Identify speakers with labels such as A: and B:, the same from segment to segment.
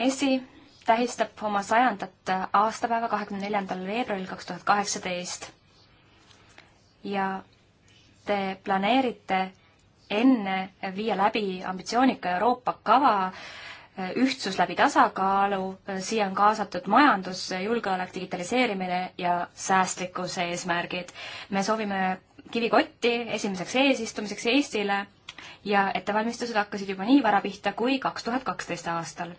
A: ESI tähistab oma sajandat aastapäeva, kahekümne neljandal veebruaril kaks tuhat kaheksateist. ja te planeerite enne viia läbi ambitsioonika Euroopa kava, ühtsus läbi tasakaalu, siia on kaasatud majandus, julgeolek, digitaliseerimine ja säästlikkuse eesmärgid. me soovime kivikotti esimeseks eesistumiseks Eestile ja ettevalmistused hakkasid juba nii vara pihta kui kaks tuhat kaksteist aastal.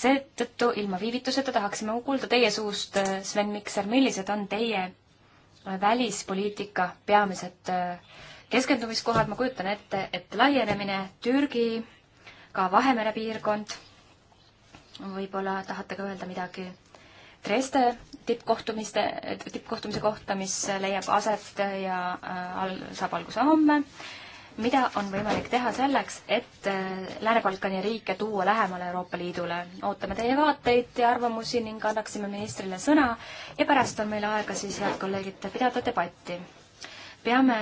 A: seetõttu ilma viivituseta tahaksime kuulda teie suust, äh, Sven Mikser, millised on teie äh, välispoliitika peamised äh, keskendumiskohad, ma kujutan ette, et laienemine Türgi, ka Vahemere piirkond, võib-olla tahate ka öelda midagi Dresde tippkohtumiste, tippkohtumise kohta, mis leiab aset ja all, saab alguse homme mida on võimalik teha selleks, et äh, Lääne-Balkani riike tuua lähemale Euroopa Liidule. ootame teie vaateid ja arvamusi ning annaksime ministrile sõna ja pärast on meil aega siis, head kolleegid, pidada debatti. peame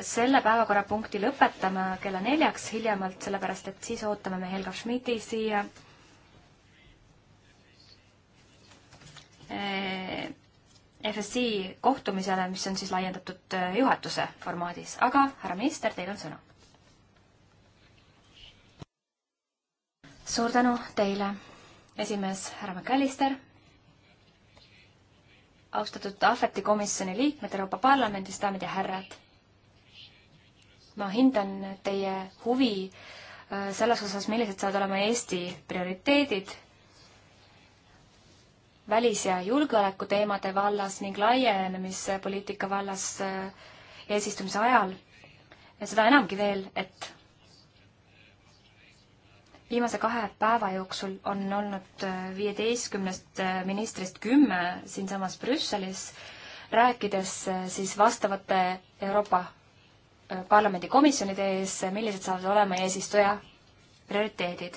A: selle päevakorrapunkti lõpetama kella neljaks hiljemalt, sellepärast et siis ootame me Helga Schmidti siia e FSI kohtumisele, mis on siis laiendatud äh, juhatuse formaadis, aga härra minister, teil on sõna. suur tänu teile, esimees härra McAllister, austatud Ahveti komisjoni liikmed Euroopa Parlamendis, daamid ja härrad. ma hindan teie huvi äh, selles osas, millised saavad olema Eesti prioriteedid välis- ja julgeolekuteemade vallas ning laienemispoliitika vallas äh, eesistumise ajal. ja seda enamgi veel, et viimase kahe päeva jooksul on olnud äh, viieteistkümnest äh, ministrist kümme siinsamas Brüsselis, rääkides siis vastavate Euroopa Parlamendi komisjonide ees, millised saavad olema eesistuja prioriteedid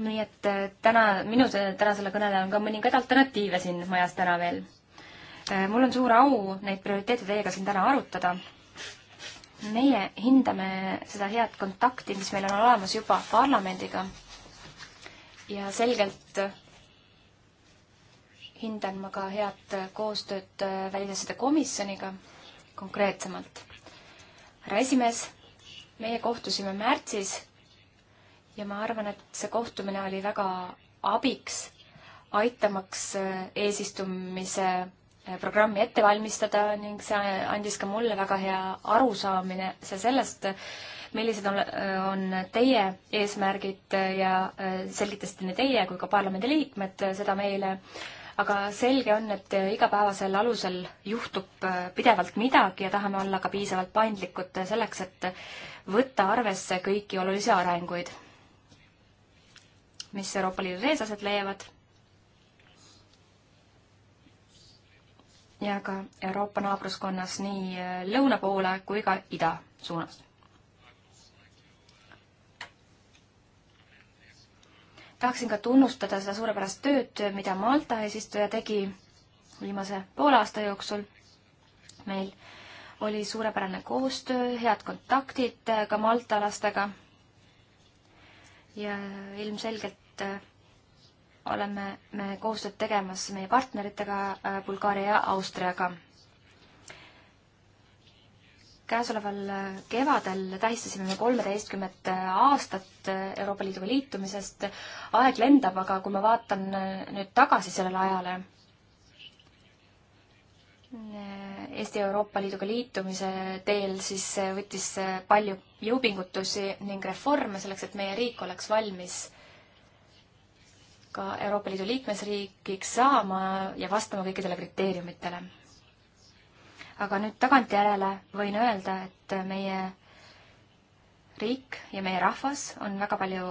A: nii et äh, täna, minu tänasele kõnele on ka mõningaid alternatiive siin majas täna veel. Äh, mul on suur au neid prioriteete teiega siin täna arutada. meie hindame seda head kontakti, mis meil on olemas juba parlamendiga. ja selgelt äh, hindan ma ka head koostööd välisasjade komisjoniga konkreetsemalt. härra esimees, meie kohtusime märtsis ja ma arvan, et see kohtumine oli väga abiks, aitamaks äh, eesistumise äh, programmi ette valmistada ning see andis ka mulle väga hea arusaamise sellest, millised on, äh, on teie eesmärgid ja selgitasite nii teie kui ka parlamendi liikmed seda meile. aga selge on, et igapäevasel alusel juhtub pidevalt midagi ja tahame olla ka piisavalt paindlikud selleks, et võtta arvesse kõiki olulisi arenguid mis Euroopa Liidu sees aset leiavad ja ka Euroopa naabruskonnas nii äh, lõuna poole kui ka ida suunas. tahaksin ka tunnustada seda suurepärast tööd, mida Malta eesistuja tegi viimase poole aasta jooksul. meil oli suurepärane koostöö, head kontaktid äh, ka maltalastega ja ilmselgelt äh, oleme me koostööd tegemas meie partneritega äh, Bulgaaria ja Austriaga. käesoleval äh, kevadel tähistasime me kolmeteistkümmet aastat Euroopa Liiduga liitumisest. aeg lendab, aga kui ma vaatan nüüd tagasi sellele ajale, Eesti Euroopa Liiduga liitumise teel, siis võttis palju jõupingutusi ning reforme selleks, et meie riik oleks valmis ka Euroopa Liidu liikmesriigiks saama ja vastama kõikidele kriteeriumitele. aga nüüd tagantjärele võin öelda, et meie riik ja meie rahvas on väga palju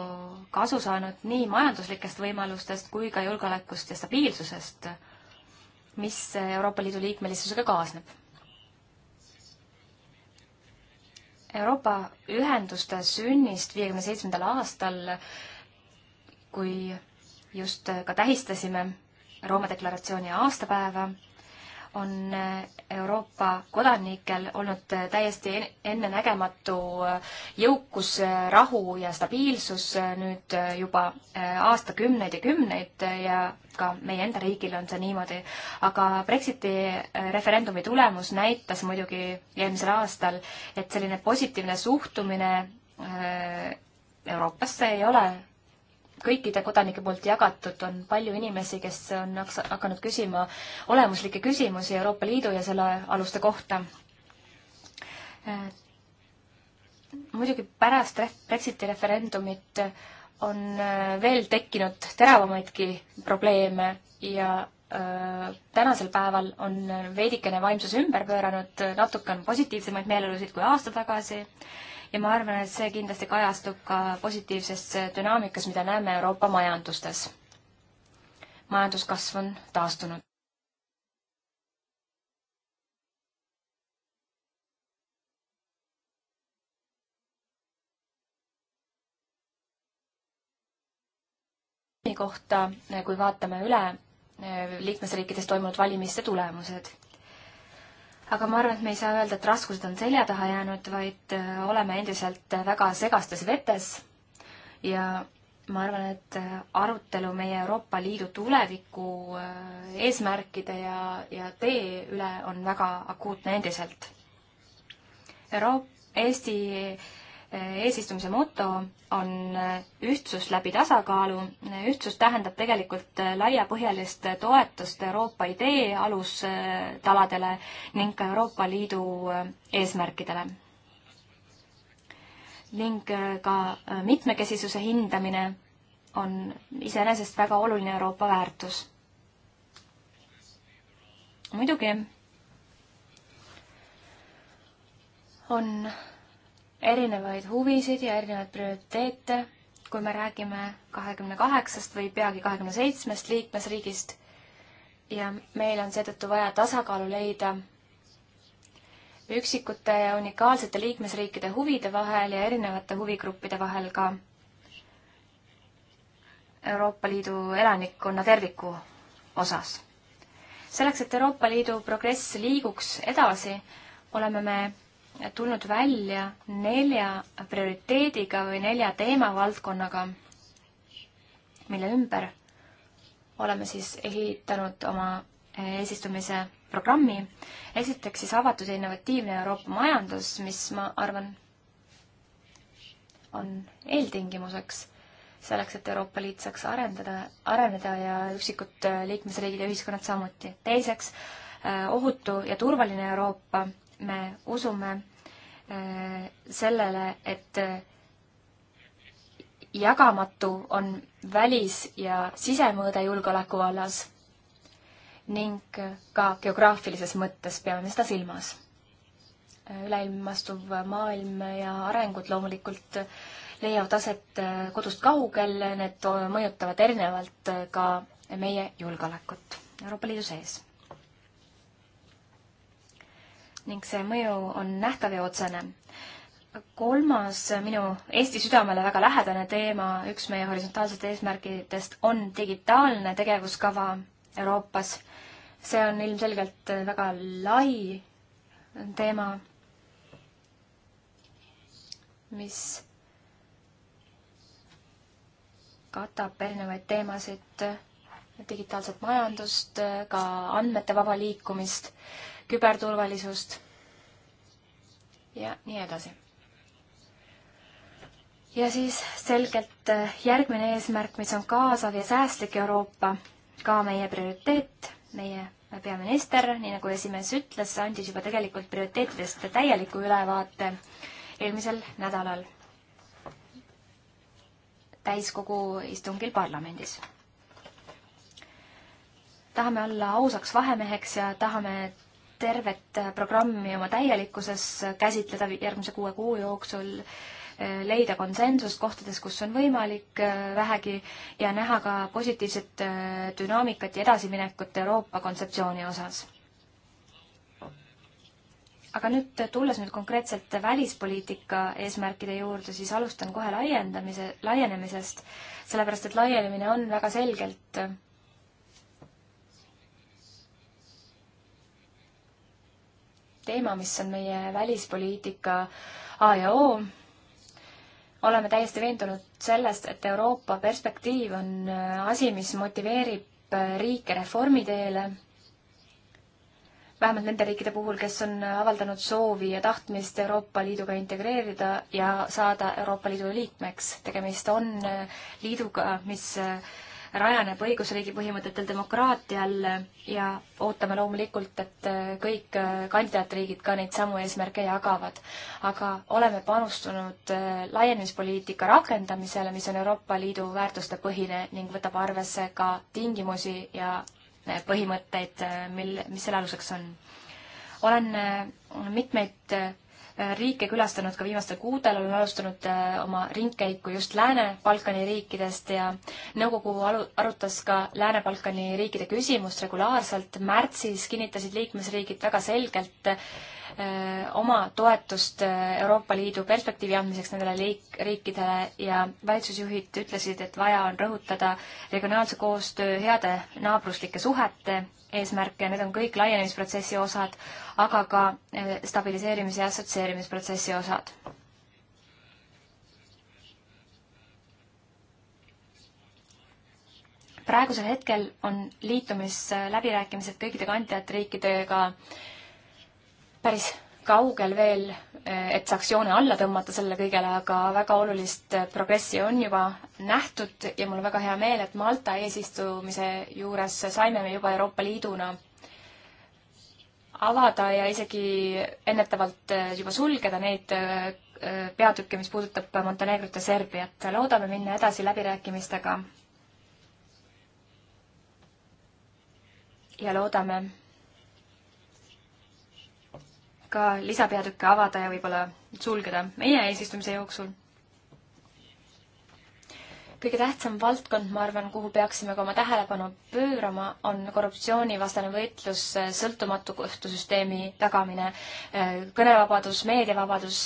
A: kasu saanud nii majanduslikest võimalustest kui ka julgeolekust ja stabiilsusest mis Euroopa Liidu liikmelisusega kaasneb. Euroopa ühenduste sünnist viiekümne seitsmendal aastal, kui just ka tähistasime Rooma deklaratsiooni aastapäeva, on Euroopa kodanikel olnud täiesti ennenägematu äh, jõukus, äh, rahu ja stabiilsus äh, nüüd juba aastakümneid ja kümneid ja ka meie enda riigil on see niimoodi. aga Brexiti referendumi tulemus näitas muidugi eelmisel aastal, et selline positiivne suhtumine Euroopasse ei ole kõikide kodanike poolt jagatud, on palju inimesi, kes on hakanud küsima olemuslikke küsimusi Euroopa Liidu ja selle aluste kohta. muidugi pärast Brexiti referendumit on äh, veel tekkinud teravamaidki probleeme ja äh, tänasel päeval on veidikene vaimsus ümber pööranud, natuke on positiivsemaid meeleolusid kui aasta tagasi ja ma arvan, et see kindlasti kajastub ka positiivses dünaamikas, mida näeme Euroopa majandustes. majanduskasv on taastunud. kohta, kui vaatame üle liikmesriikides toimunud valimiste tulemused aga ma arvan, et me ei saa öelda, et raskused on selja taha jäänud, vaid äh, oleme endiselt äh, väga segastes vetes ja ma arvan, et äh, arutelu meie Euroopa Liidu tuleviku eesmärkide ja, ja tee üle on väga akuutne endiselt. Euro-, Eesti eesistumise moto on ühtsus läbi tasakaalu. ühtsus tähendab tegelikult laiapõhjalist toetust Euroopa idee alustaladele ning ka Euroopa Liidu eesmärkidele. ning ka mitmekesisuse hindamine on iseenesest väga oluline Euroopa väärtus. muidugi on erinevaid huvisid ja erinevaid prioriteete, kui me räägime kahekümne kaheksast või peagi kahekümne seitsmest liikmesriigist ja meil on seetõttu vaja tasakaalu leida üksikute ja unikaalsete liikmesriikide huvide vahel ja erinevate huvigruppide vahel ka Euroopa Liidu elanikkonna terviku osas. selleks, et Euroopa Liidu progress liiguks edasi, oleme me tulnud välja nelja prioriteediga või nelja teemavaldkonnaga, mille ümber oleme siis ehitanud oma eesistumise programmi. esiteks siis avatud ja innovatiivne Euroopa majandus, mis ma arvan, on eeltingimuseks selleks, et Euroopa Liit saaks arendada, areneda ja üksikud liikmesriigid ja ühiskonnad samuti. teiseks, ohutu ja turvaline Euroopa me usume äh, sellele, et äh, jagamatu on välis- ja sisemõõde julgeoleku vallas ning äh, ka geograafilises mõttes peame me seda silmas. üleilmastuv maailm ja arengud loomulikult leiavad aset kodust kaugel, need mõjutavad erinevalt ka meie julgeolekut Euroopa Liidu sees ning see mõju on nähtav ja otsene. kolmas minu Eesti südamele väga lähedane teema, üks meie horisontaalsetest eesmärkidest, on digitaalne tegevuskava Euroopas. see on ilmselgelt väga lai teema, mis katab erinevaid teemasid, digitaalset majandust, ka andmete vaba liikumist küberturvalisust ja nii edasi. ja siis selgelt äh, järgmine eesmärk, mis on kaasav ja säästlik Euroopa, ka meie prioriteet, meie peaminister, nii nagu esimees ütles, andis juba tegelikult prioriteetidest täieliku ülevaate eelmisel nädalal täiskogu istungil parlamendis tahame olla ausaks vahemeheks ja tahame tervet programmi oma täielikkuses käsitleda järgmise kuue kuu jooksul, eh, leida konsensust kohtades, kus on võimalik eh, vähegi ja näha ka positiivset eh, dünaamikat ja edasiminekut Euroopa kontseptsiooni osas. aga nüüd tulles nüüd konkreetselt välispoliitika eesmärkide juurde, siis alustan kohe laiendamise, laienemisest, sellepärast et laienemine on väga selgelt teema, mis on meie välispoliitika A ja O. oleme täiesti veendunud sellest, et Euroopa perspektiiv on äh, asi, mis motiveerib äh, riike reformiteele, vähemalt nende riikide puhul, kes on äh, avaldanud soovi ja tahtmist Euroopa Liiduga integreerida ja saada Euroopa Liidu liikmeks. tegemist on liiduga, mis rajaneb õigusriigi põhimõtetel, demokraatial ja ootame loomulikult, et äh, kõik äh, kandidaatriigid ka neid samu eesmärke jagavad. aga oleme panustanud äh, laienemispoliitika rakendamisele, mis on Euroopa Liidu väärtuste põhine ning võtab arvesse ka tingimusi ja põhimõtteid, mil, mis selle aluseks on. olen mitmeid riike külastanud ka viimastel kuudel, oleme alustanud äh, oma ringkäiku just Lääne-Balkani riikidest ja nõukogu alu-, arutas ka Lääne-Balkani riikide küsimust regulaarselt. märtsis kinnitasid liikmesriigid väga selgelt äh, oma toetust äh, Euroopa Liidu perspektiivi andmiseks nendele liik-, riikidele ja valitsusjuhid ütlesid, et vaja on rõhutada regionaalse koostöö heade naabruslike suhete eesmärke, need on kõik laienemisprotsessi osad, aga ka eh, stabiliseerimise ja assotsieerimisprotsessi osad. praegusel hetkel on liitumisläbirääkimised kõikide kandidaatriikidega päris kaugel veel, et saaks joone alla tõmmata sellele kõigele, aga väga olulist progressi on juba nähtud ja mul on väga hea meel, et Malta eesistumise juures saime me juba Euroopa Liiduna avada ja isegi ennetavalt juba sulgeda neid äh, peatükke, mis puudutab Montenegrot ja Serbiat. loodame minna edasi läbirääkimistega. ja loodame ka lisapeatükke avada ja võib-olla sulgeda meie eesistumise jooksul. kõige tähtsam valdkond, ma arvan, kuhu peaksime ka oma tähelepanu pöörama, on korruptsioonivastane võitlus, eh, sõltumatu kohtusüsteemi tagamine, eh, kõnevabadus, meediavabadus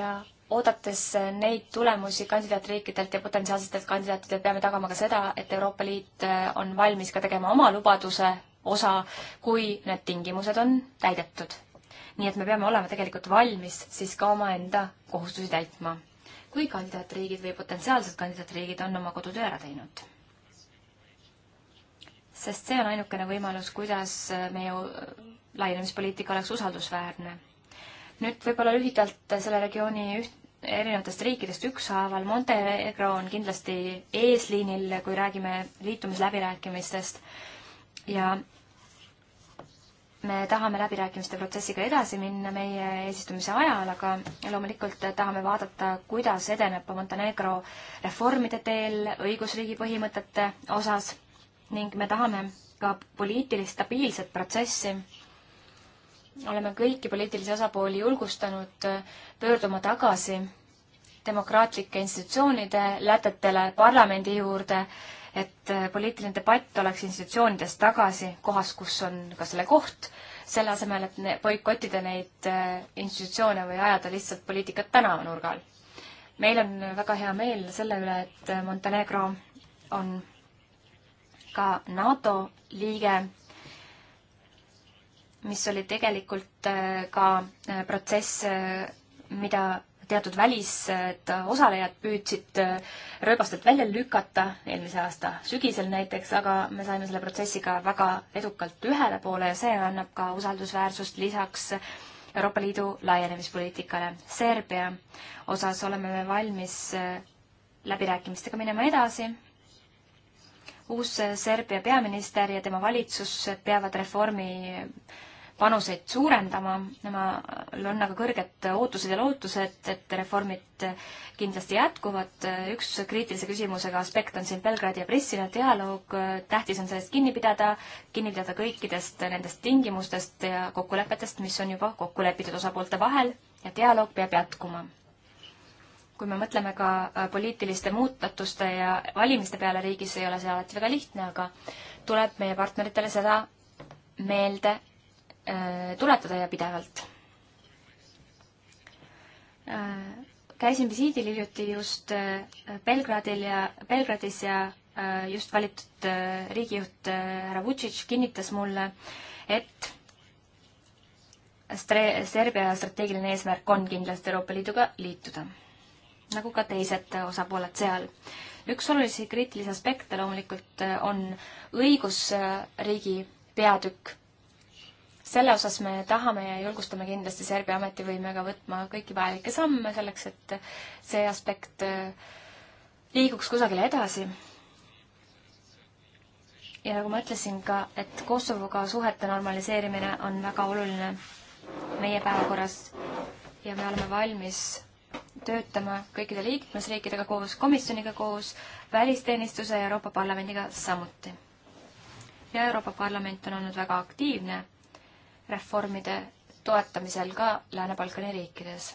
A: ja oodates eh, neid tulemusi kandidaatriikidelt ja potentsiaalsetelt kandidaatidelt, peame tagama ka seda, et Euroopa Liit on valmis ka tegema oma lubaduse osa, kui need tingimused on täidetud. nii et me peame olema tegelikult valmis siis ka omaenda kohustusi täitma, kui kandidaatriigid või potentsiaalsed kandidaatriigid on oma kodutöö ära teinud. sest see on ainukene võimalus, kuidas meie laienemispoliitika oleks usaldusväärne. nüüd võib-olla lühidalt selle regiooni üht, erinevatest riikidest ükshaaval. Montenegro on kindlasti eesliinil, kui räägime liitumisläbirääkimistest ja me tahame läbirääkimiste protsessiga edasi minna meie eesistumise ajal, aga loomulikult tahame vaadata, kuidas edeneb Montenegro reformide teel õigusriigi põhimõtete osas ning me tahame ka poliitilist stabiilset protsessi. oleme kõiki poliitilisi osapooli julgustanud pöörduma tagasi demokraatlike institutsioonide lätetele, parlamendi juurde et äh, poliitiline debatt oleks institutsioonides tagasi kohas, kus on ka selle koht, selle asemel, et ne, boikottida neid äh, institutsioone või ajada lihtsalt poliitikat tänavanurgal. meil on väga hea meel selle üle, et äh, Montenegro on ka NATO liige, mis oli tegelikult ka protsess, mida teatud välised osalejad püüdsid äh, rööbastelt välja lükata eelmise aasta sügisel näiteks, aga me saime selle protsessiga väga edukalt ühele poole ja see annab ka usaldusväärsust lisaks Euroopa Liidu laienemispoliitikale. Serbia osas oleme me valmis äh, läbirääkimistega minema edasi. uus Serbia peaminister ja tema valitsus peavad reformi panuseid suurendama, nemal on aga kõrged ootused ja lootused, et reformid kindlasti jätkuvad. üks kriitilise küsimusega aspekt on siin Belgradi ja Pristina dialoog, tähtis on sellest kinni pidada, kinni pidada kõikidest nendest tingimustest ja kokkulepetest, mis on juba kokku lepitud osapoolte vahel ja dialoog peab jätkuma kui me mõtleme ka äh, poliitiliste muutatuste ja valimiste peale riigis, ei ole see alati väga lihtne, aga tuleb meie partneritele seda meelde Äh, tuletada ja pidevalt. Äh, käisin visiidil hiljuti just äh, Belgradil ja, Belgradis ja just valitud riigijuht härra Vutšitš kinnitas mulle, et stre-, Serbia strateegiline eesmärk on kindlasti Euroopa Liiduga liituda, nagu ka teised osapooled seal. üks olulisi kriitilisi aspekte loomulikult on õigusriigi peatükk, selle osas me tahame ja julgustame kindlasti Serbia ametivõimega võtma kõiki vajalikke samme selleks, et see aspekt äh, liiguks kusagile edasi. ja nagu ma ütlesin ka, et Kosovoga suhete normaliseerimine on väga oluline meie päevakorras ja me oleme valmis töötama kõikide liikmesriikidega koos, komisjoniga koos, välisteenistuse ja Euroopa Parlamendiga samuti. ja Euroopa Parlament on olnud väga aktiivne reformide toetamisel ka Lääne-Balkani riikides,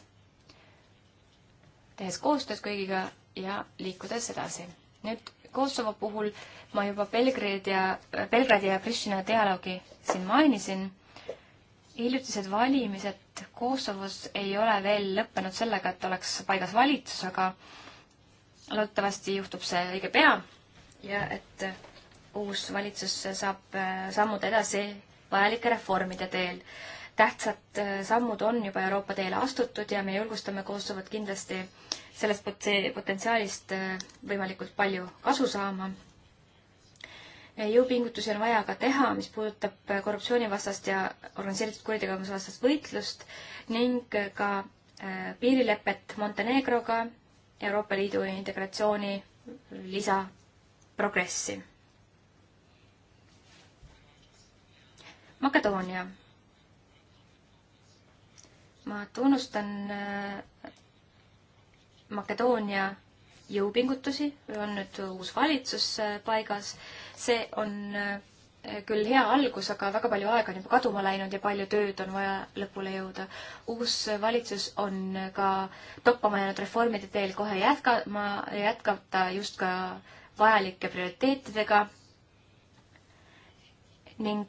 A: tehes koostööd kõigiga ja liikudes edasi. nüüd Kosovo puhul ma juba Belgradi ja, Belgradi ja Pristina dialoogi siin mainisin. hiljutised valimised Kosovos ei ole veel lõppenud sellega, et oleks paigas valitsus, aga loodetavasti juhtub see õige pea ja et uus valitsus saab sammud edasi vajalike reformide teel. tähtsad äh, sammud on juba Euroopa teele astutud ja me julgustame Kosovot kindlasti sellest potentsiaalist äh, võimalikult palju kasu saama. Äh, jõupingutusi on vaja ka teha, mis puudutab korruptsioonivastast ja organiseeritud kuritegevusvastast võitlust ning ka piirilepet Montenegroga Euroopa Liidu integratsiooni lisaprogressi Makedoonia. ma tunnustan äh, Makedoonia jõupingutusi, on nüüd uus valitsus äh, paigas, see on äh, küll hea algus, aga väga palju aega on juba kaduma läinud ja palju tööd on vaja lõpule jõuda. uus valitsus on ka toppama jäänud reformide teel kohe jätkama, jätkata just ka vajalike prioriteetidega ning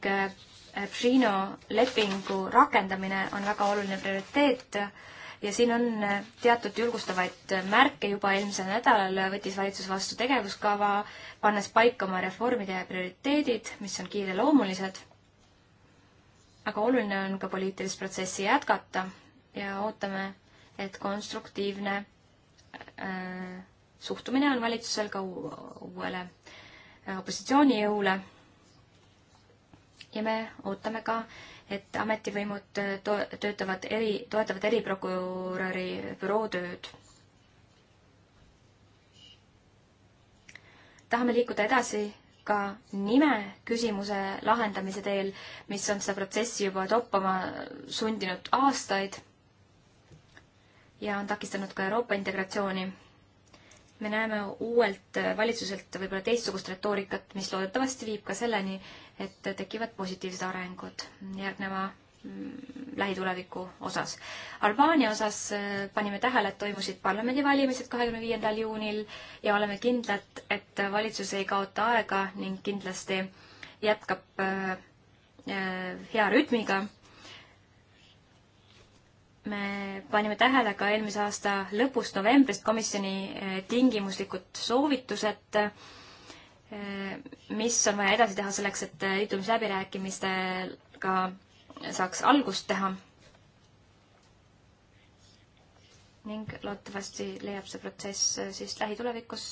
A: Prino lepingu rakendamine on väga oluline prioriteet ja siin on teatud julgustavaid märke juba eelmisel nädalal võttis valitsus vastu tegevuskava, pannes paika oma reformide ja prioriteedid, mis on kiireloomulised. aga oluline on ka poliitilist protsessi jätkata ja ootame, et konstruktiivne äh, suhtumine on valitsusel ka uuele opositsioonijõule ja me ootame ka, et ametivõimud to-, töötavad eri, toetavad eriprokuröri büroo tööd. tahame liikuda edasi ka nime küsimuse lahendamise teel, mis on seda protsessi juba toppama sundinud aastaid ja on takistanud ka Euroopa integratsiooni me näeme uuelt valitsuselt võib-olla teistsugust retoorikat, mis loodetavasti viib ka selleni, et tekivad positiivsed arengud järgneva mm, lähituleviku osas. Albaania osas äh, panime tähele, et toimusid parlamendivalimised kahekümne viiendal juunil ja oleme kindlad, et valitsus ei kaota aega ning kindlasti jätkab äh, äh, hea rütmiga. me panime tähele ka eelmise aasta lõpust novembrist komisjoni tingimuslikud soovitused mis on vaja edasi teha selleks, et liitumisläbirääkimistega saaks algust teha. ning loodetavasti leiab see protsess siis lähitulevikus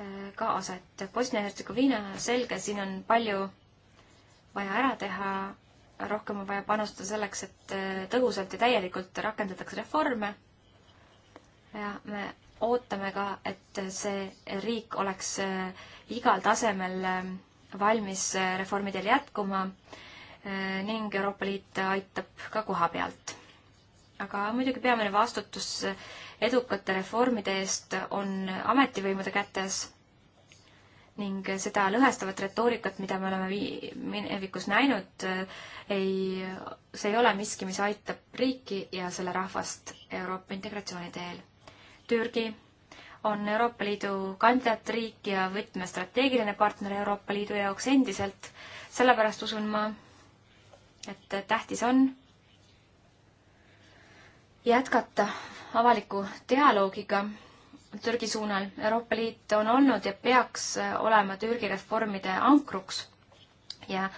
A: äh, ka aset. Bosnia-Hertsegoviina, selge, siin on palju vaja ära teha, rohkem on vaja panustada selleks, et äh, tõhusalt ja täielikult rakendatakse reforme. ja me ootame ka, et see riik oleks äh, igal tasemel äh, valmis äh, reformidel jätkuma ning Euroopa Liit aitab ka koha pealt. aga muidugi peamine vastutus edukate reformide eest on ametivõimude kätes ning seda lõhestavat retoorikat, mida me oleme vii-, minevikus näinud, ei, see ei ole miski, mis aitab riiki ja selle rahvast Euroopa integratsiooni teel Türgi on Euroopa Liidu kandidaatriik ja võtmestrateegiline partner Euroopa Liidu jaoks endiselt. sellepärast usun ma, et tähtis on jätkata avaliku dialoogiga Türgi suunal. Euroopa Liit on olnud ja peaks olema Türgi reformide ankruks ja äh,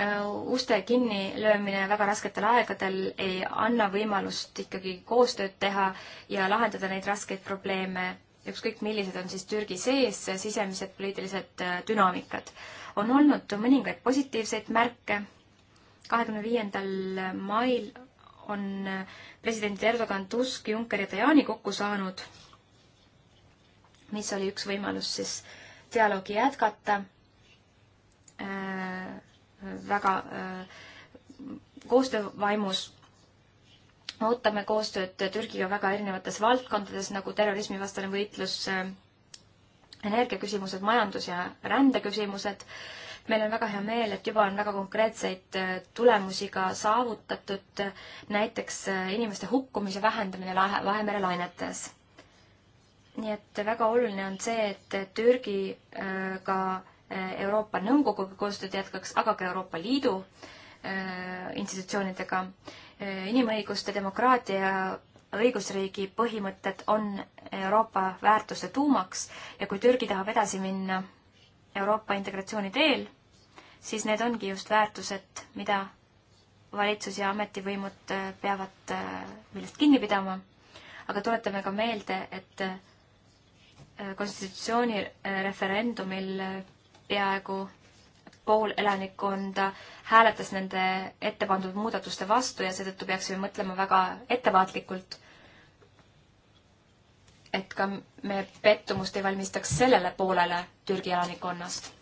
A: Äh, uste kinnilöömine väga rasketel aegadel ei anna võimalust ikkagi koostööd teha ja lahendada neid raskeid probleeme, ükskõik millised on siis Türgi sees sisemised poliitilised äh, dünaamikad. on olnud mõningaid positiivseid märke, kahekümne viiendal mail on äh, presidendid Erdogan, Tusk, Juncker ja Tajani kokku saanud, mis oli üks võimalus siis dialoogi jätkata väga äh, koostöövaimus ootame koostööd Türgiga väga erinevates valdkondades, nagu terrorismivastane võitlus, äh, energiaküsimused, majandus- ja rändeküsimused. meil on väga hea meel, et juba on väga konkreetseid äh, tulemusi ka saavutatud, näiteks inimeste hukkumise vähendamine lahe, Vahemere lainetes. nii et väga oluline on see, et Türgi ka Euroopa Nõukoguga koostööd jätkaks, aga ka Euroopa Liidu äh, institutsioonidega. Äh, inimõiguste, demokraatia ja õigusriigi põhimõtted on Euroopa väärtuste tuumaks ja kui Türgi tahab edasi minna Euroopa integratsiooni teel, siis need ongi just väärtused, mida valitsus ja ametivõimud äh, peavad, millest kinni pidama. aga tuletame ka meelde, et konstitutsiooni referendumil peaaegu pool elanikkonda hääletas nende ette pandud muudatuste vastu ja seetõttu peaksime mõtlema väga ettevaatlikult, et ka me pettumust ei valmistaks sellele poolele Türgi elanikkonnast.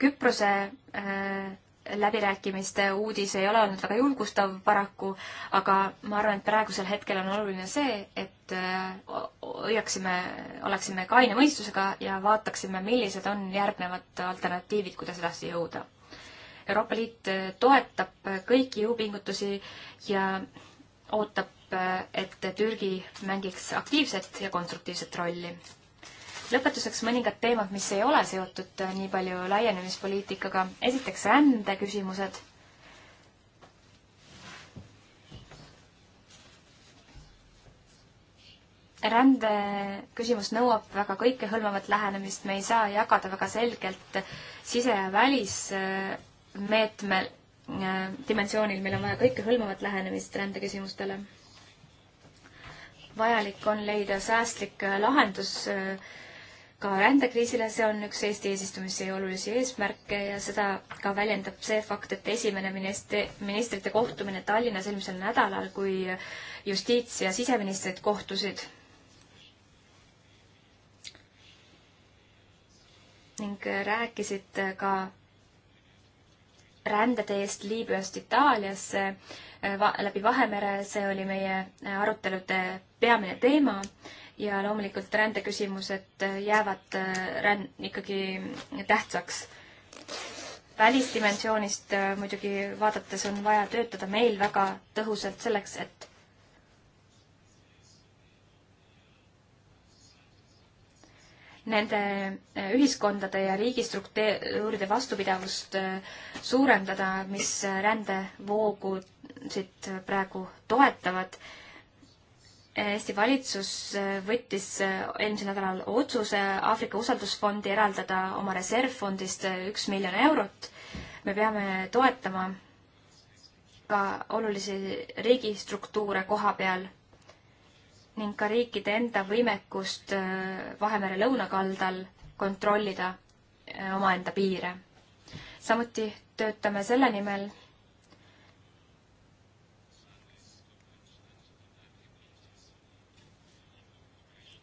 A: Küprose äh, läbirääkimiste uudis ei ole olnud väga julgustav paraku, aga ma arvan, et praegusel hetkel on oluline see, et äh, hoiaksime, oleksime kaine mõistusega ja vaataksime, millised on järgnevad alternatiivid, kuidas edasi jõuda. Euroopa Liit äh, toetab kõiki jõupingutusi ja ootab, äh, et Türgi mängiks aktiivset ja konstruktiivset rolli lõpetuseks mõningad teemad, mis ei ole seotud äh, nii palju laienemispoliitikaga. esiteks rändeküsimused. rändeküsimus nõuab väga kõikehõlmavat lähenemist, me ei saa jagada väga selgelt sise- ja välismeetmel, äh, dimensioonil, meil on vaja kõikehõlmavat lähenemist rändeküsimustele vajalik on leida säästlik äh, lahendus ka rändekriisile, see on üks Eesti eesistumise olulisi eesmärke ja seda ka väljendab see fakt, et esimene ministri, ministrite kohtumine Tallinnas eelmisel nädalal, kui justiits- ja siseministrid kohtusid. ning rääkisid ka rändeteest Liibüast Itaaliasse va läbi Vahemere, see oli meie arutelude peamine teema ja loomulikult rändeküsimused äh, jäävad äh, ränn-, ikkagi tähtsaks. välisdimensioonist äh, muidugi vaadates on vaja töötada meil väga tõhusalt selleks, et nende ühiskondade ja riigistruktuuride vastupidavust suurendada, mis rändevoogusid praegu toetavad Eesti valitsus äh, võttis äh, eelmisel nädalal otsuse Aafrika usaldusfondi eraldada oma reservfondist äh, üks miljon eurot. me peame toetama ka olulisi riigistruktuure koha peal ning ka riikide enda võimekust Vahemere lõunakaldal kontrollida omaenda piire. samuti töötame selle nimel,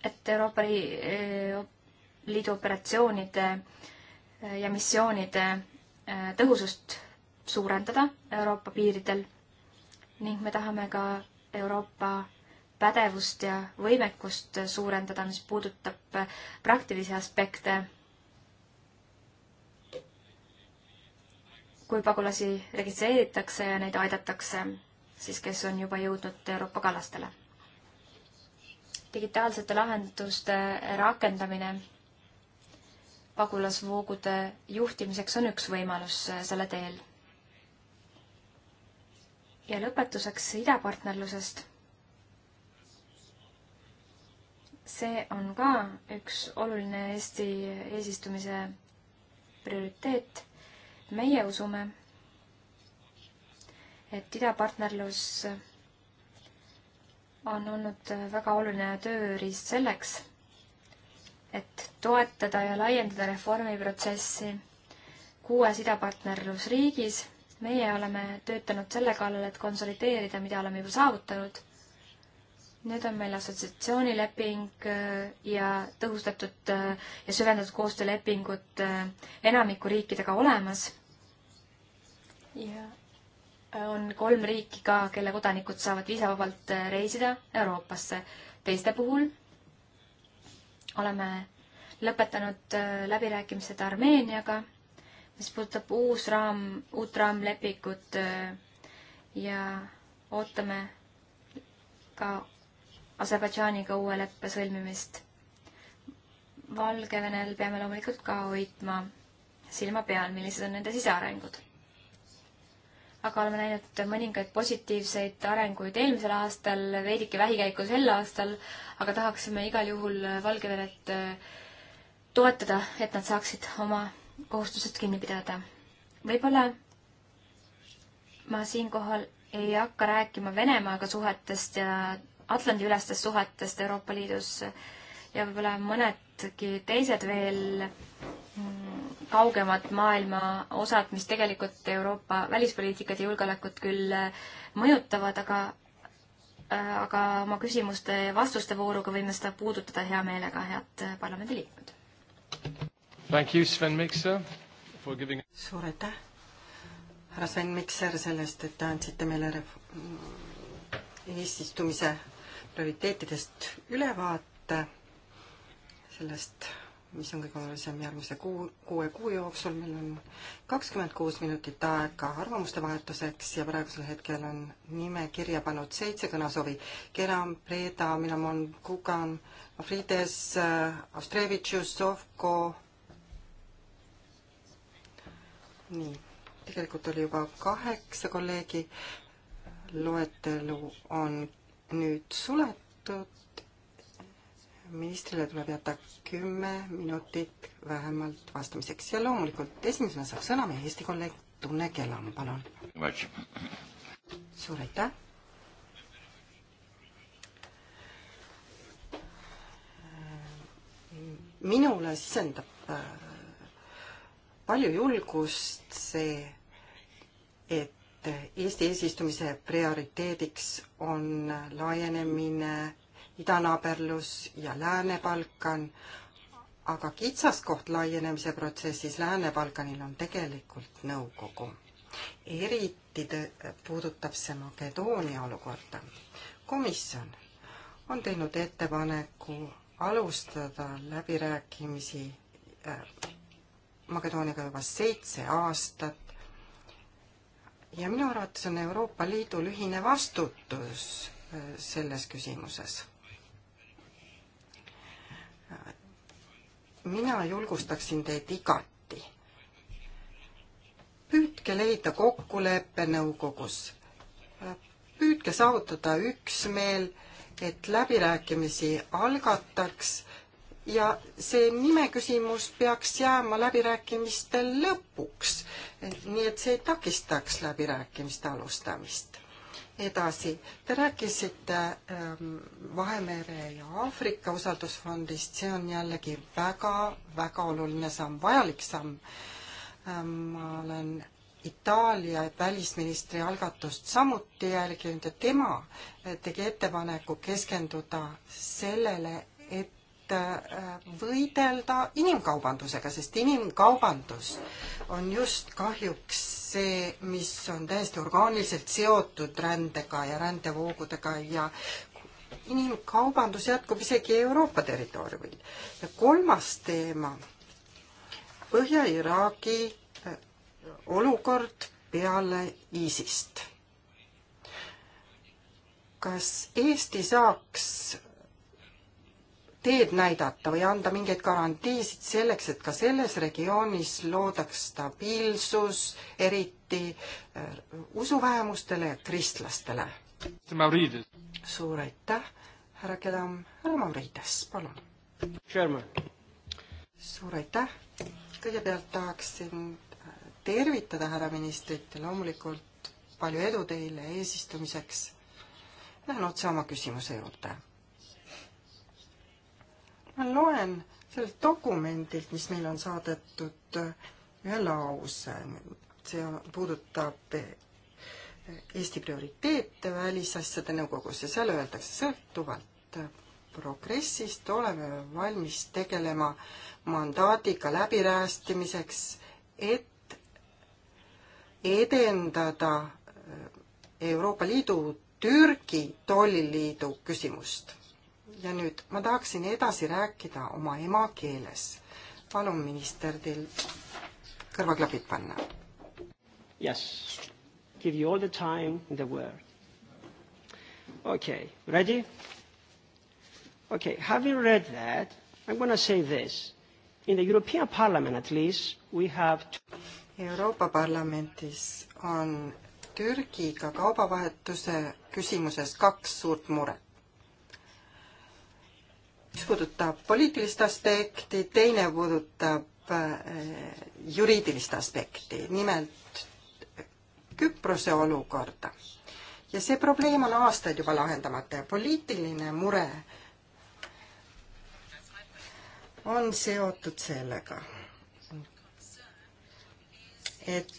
A: et Euroopa eh, Liidu operatsioonide eh, ja missioonide eh, tõhusust suurendada Euroopa piiridel ning me tahame ka Euroopa pädevust ja võimekust suurendada, mis puudutab praktilisi aspekte kui pagulasi registreeritakse ja neid aidatakse, siis kes on juba jõudnud Euroopa kallastele digitaalsete lahenduste rakendamine pagulasvoogude juhtimiseks on üks võimalus äh, selle teel. ja lõpetuseks idapartnerlusest. see on ka üks oluline Eesti eesistumise prioriteet. meie usume, et idapartnerlus on olnud väga oluline tööriist selleks, et toetada ja laiendada reformiprotsessi kuues idapartnerlusriigis. meie oleme töötanud selle kallal, et konsolideerida, mida oleme juba saavutanud. nüüd on meil assotsiatsioonileping äh, ja tõhustatud äh, ja süvendatud koostöölepingud äh, enamiku riikidega olemas. ja on kolm riiki ka, kelle kodanikud saavad viisavabalt äh, reisida Euroopasse. teiste puhul oleme lõpetanud äh, läbirääkimised Armeeniaga, mis puudutab uus raam, uut raamlepingut äh, ja ootame ka Aserbaidžaaniga uue leppe sõlmimist. Valgevenel peame loomulikult ka hoidma silma peal, millised on nende sisearengud aga oleme näinud mõningaid positiivseid arenguid eelmisel aastal, veidike vähikäiku sel aastal, aga tahaksime igal juhul Valgevenet äh, toetada, et nad saaksid oma kohustusest kinni pidada. võib-olla ma siinkohal ei hakka rääkima Venemaaga suhetest ja Atlandi-ülestest suhetest Euroopa Liidus ja võib-olla mõnedki teised veel kaugemad maailma osad, mis tegelikult Euroopa välispoliitikat ja julgeolekut küll äh, mõjutavad, aga äh, aga oma küsimuste ja vastuste vooruga võime seda puudutada hea meelega, head äh, parlamendiliikmed.
B: Giving... suur aitäh, härra Sven Mikser, sellest, et te andsite meile eesistumise prioriteetidest ülevaate sellest mis on kõige olulisem järgmise kuu, kuue kuu jooksul. meil on kakskümmend kuus minutit aega arvamuste vahetuseks ja praegusel hetkel on nime kirja pannud seitse kõnesoovi. Keram, Preda, Milamon, Kukan, Frides, Austrevitšus, Sovko. nii, tegelikult oli juba kaheksa kolleegi. loetelu on nüüd suletud ministrile tuleb jätta kümme minutit vähemalt vastamiseks ja loomulikult esimesena saab sõna meie Eesti kolleeg Tunne Kelam, palun. suur aitäh. minule sisendab äh, palju julgust see, et Eesti eesistumise prioriteediks on laienemine idanaaberlus ja Lääne-Balkan, aga kitsaskoht laienemise protsessis Lääne-Balkanil on tegelikult nõukogu. eriti puudutab see Makedoonia olukorda. komisjon on teinud ettepaneku alustada läbirääkimisi äh, Makedooniaga juba seitse aastat ja minu arvates on Euroopa Liidul ühine vastutus äh, selles küsimuses mina julgustaksin teid igati. püüdke leida kokkulepe nõukogus. püüdke saavutada üksmeel, et läbirääkimisi algataks ja see nimeküsimus peaks jääma läbirääkimiste lõpuks, nii et see ei takistaks läbirääkimiste alustamist edasi, te rääkisite ähm, Vahemere ja Aafrika usaldusfondist, see on jällegi väga-väga oluline samm, vajalik samm. Ähm, ma olen Itaalia välisministri algatust samuti jälginud ja tema tegi ettepaneku keskenduda sellele, et Äh, võidelda inimkaubandusega, sest inimkaubandus on just kahjuks see, mis on täiesti orgaaniliselt seotud rändega ja rändevoogudega ja inimkaubandus jätkub isegi Euroopa territooriumil. ja kolmas teema, Põhja-Iraagi äh, olukord peale ISIS-t. kas Eesti saaks teed näidata või anda mingeid garantiisid selleks, et ka selles regioonis loodaks stabiilsus, eriti äh, usuvähemustele ja kristlastele. suur aitäh, härra Kelam, härra Maurides, palun. suur aitäh, kõigepealt tahaksin äh, tervitada härra ministrit ja loomulikult palju edu teile eesistumiseks. Lähen otse oma küsimuse juurde ma loen sellest dokumendilt, mis meile on saadetud, ühe lause. see puudutab Eesti prioriteete Välisasjade Nõukogus ja seal öeldakse sõltuvalt progressist oleme valmis tegelema mandaadiga läbiräästimiseks, et edendada äh, Euroopa Liidu Türgi tolliliidu küsimust ja nüüd ma tahaksin edasi rääkida oma emakeeles. palun, minister, teil kõrvaklapid panna. Yes, give you all the time in the world. Okay, ready? Okay, having read that, I'm going to say this. In the European Parliament at least, we have Euroopa Parlamentis on Türgiga kaubavahetuse küsimuses kaks suurt muret üks puudutab poliitilist aspekti, teine puudutab eh, juriidilist aspekti, nimelt Küprose olukorda. ja see probleem on aastaid juba lahendamata ja poliitiline mure on seotud sellega, et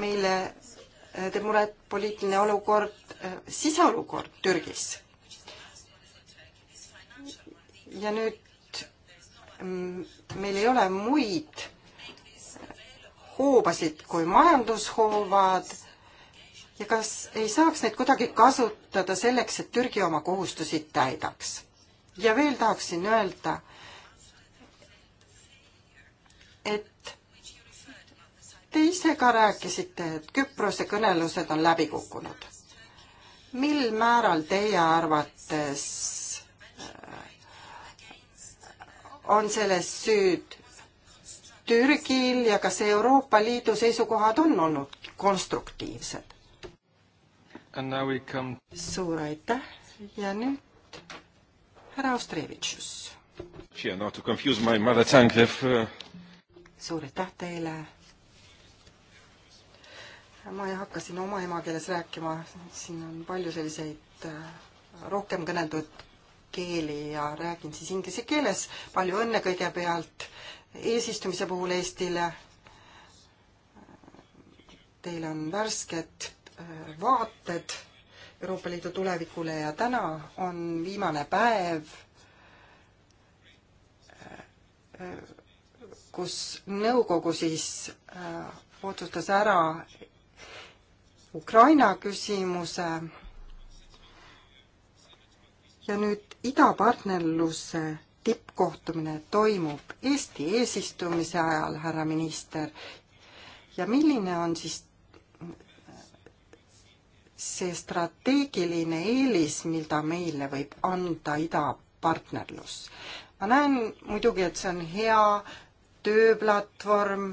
B: meile teeb muret poliitiline olukord, eh, siseolukord Türgis ja nüüd mm, meil ei ole muid hoobasid kui majandushoovad ja kas ei saaks neid kuidagi kasutada selleks, et Türgi oma kohustusi täidaks? ja veel tahaksin öelda, et te ise ka rääkisite, et Küprose kõnelused on läbi kukkunud. mil määral teie arvates on selles süüd Türgil ja kas Euroopa Liidu seisukohad on olnud konstruktiivsed? suur aitäh ja nüüd härra Ostrevitšus. Uh, suur aitäh teile. ma ei hakka siin oma emakeeles rääkima, siin on palju selliseid äh, rohkem kõneldud keeli ja räägin siis inglise keeles. palju õnne kõigepealt eesistumise puhul Eestile. Teil on värsked äh, vaated Euroopa Liidu tulevikule ja täna on viimane päev, äh, kus nõukogu siis äh, otsustas ära Ukraina küsimuse ja nüüd idapartnerluse tippkohtumine toimub Eesti eesistumise ajal, härra minister. ja milline on siis see strateegiline eelis, mida meile võib anda idapartnerlus? ma näen muidugi, et see on hea tööplatvorm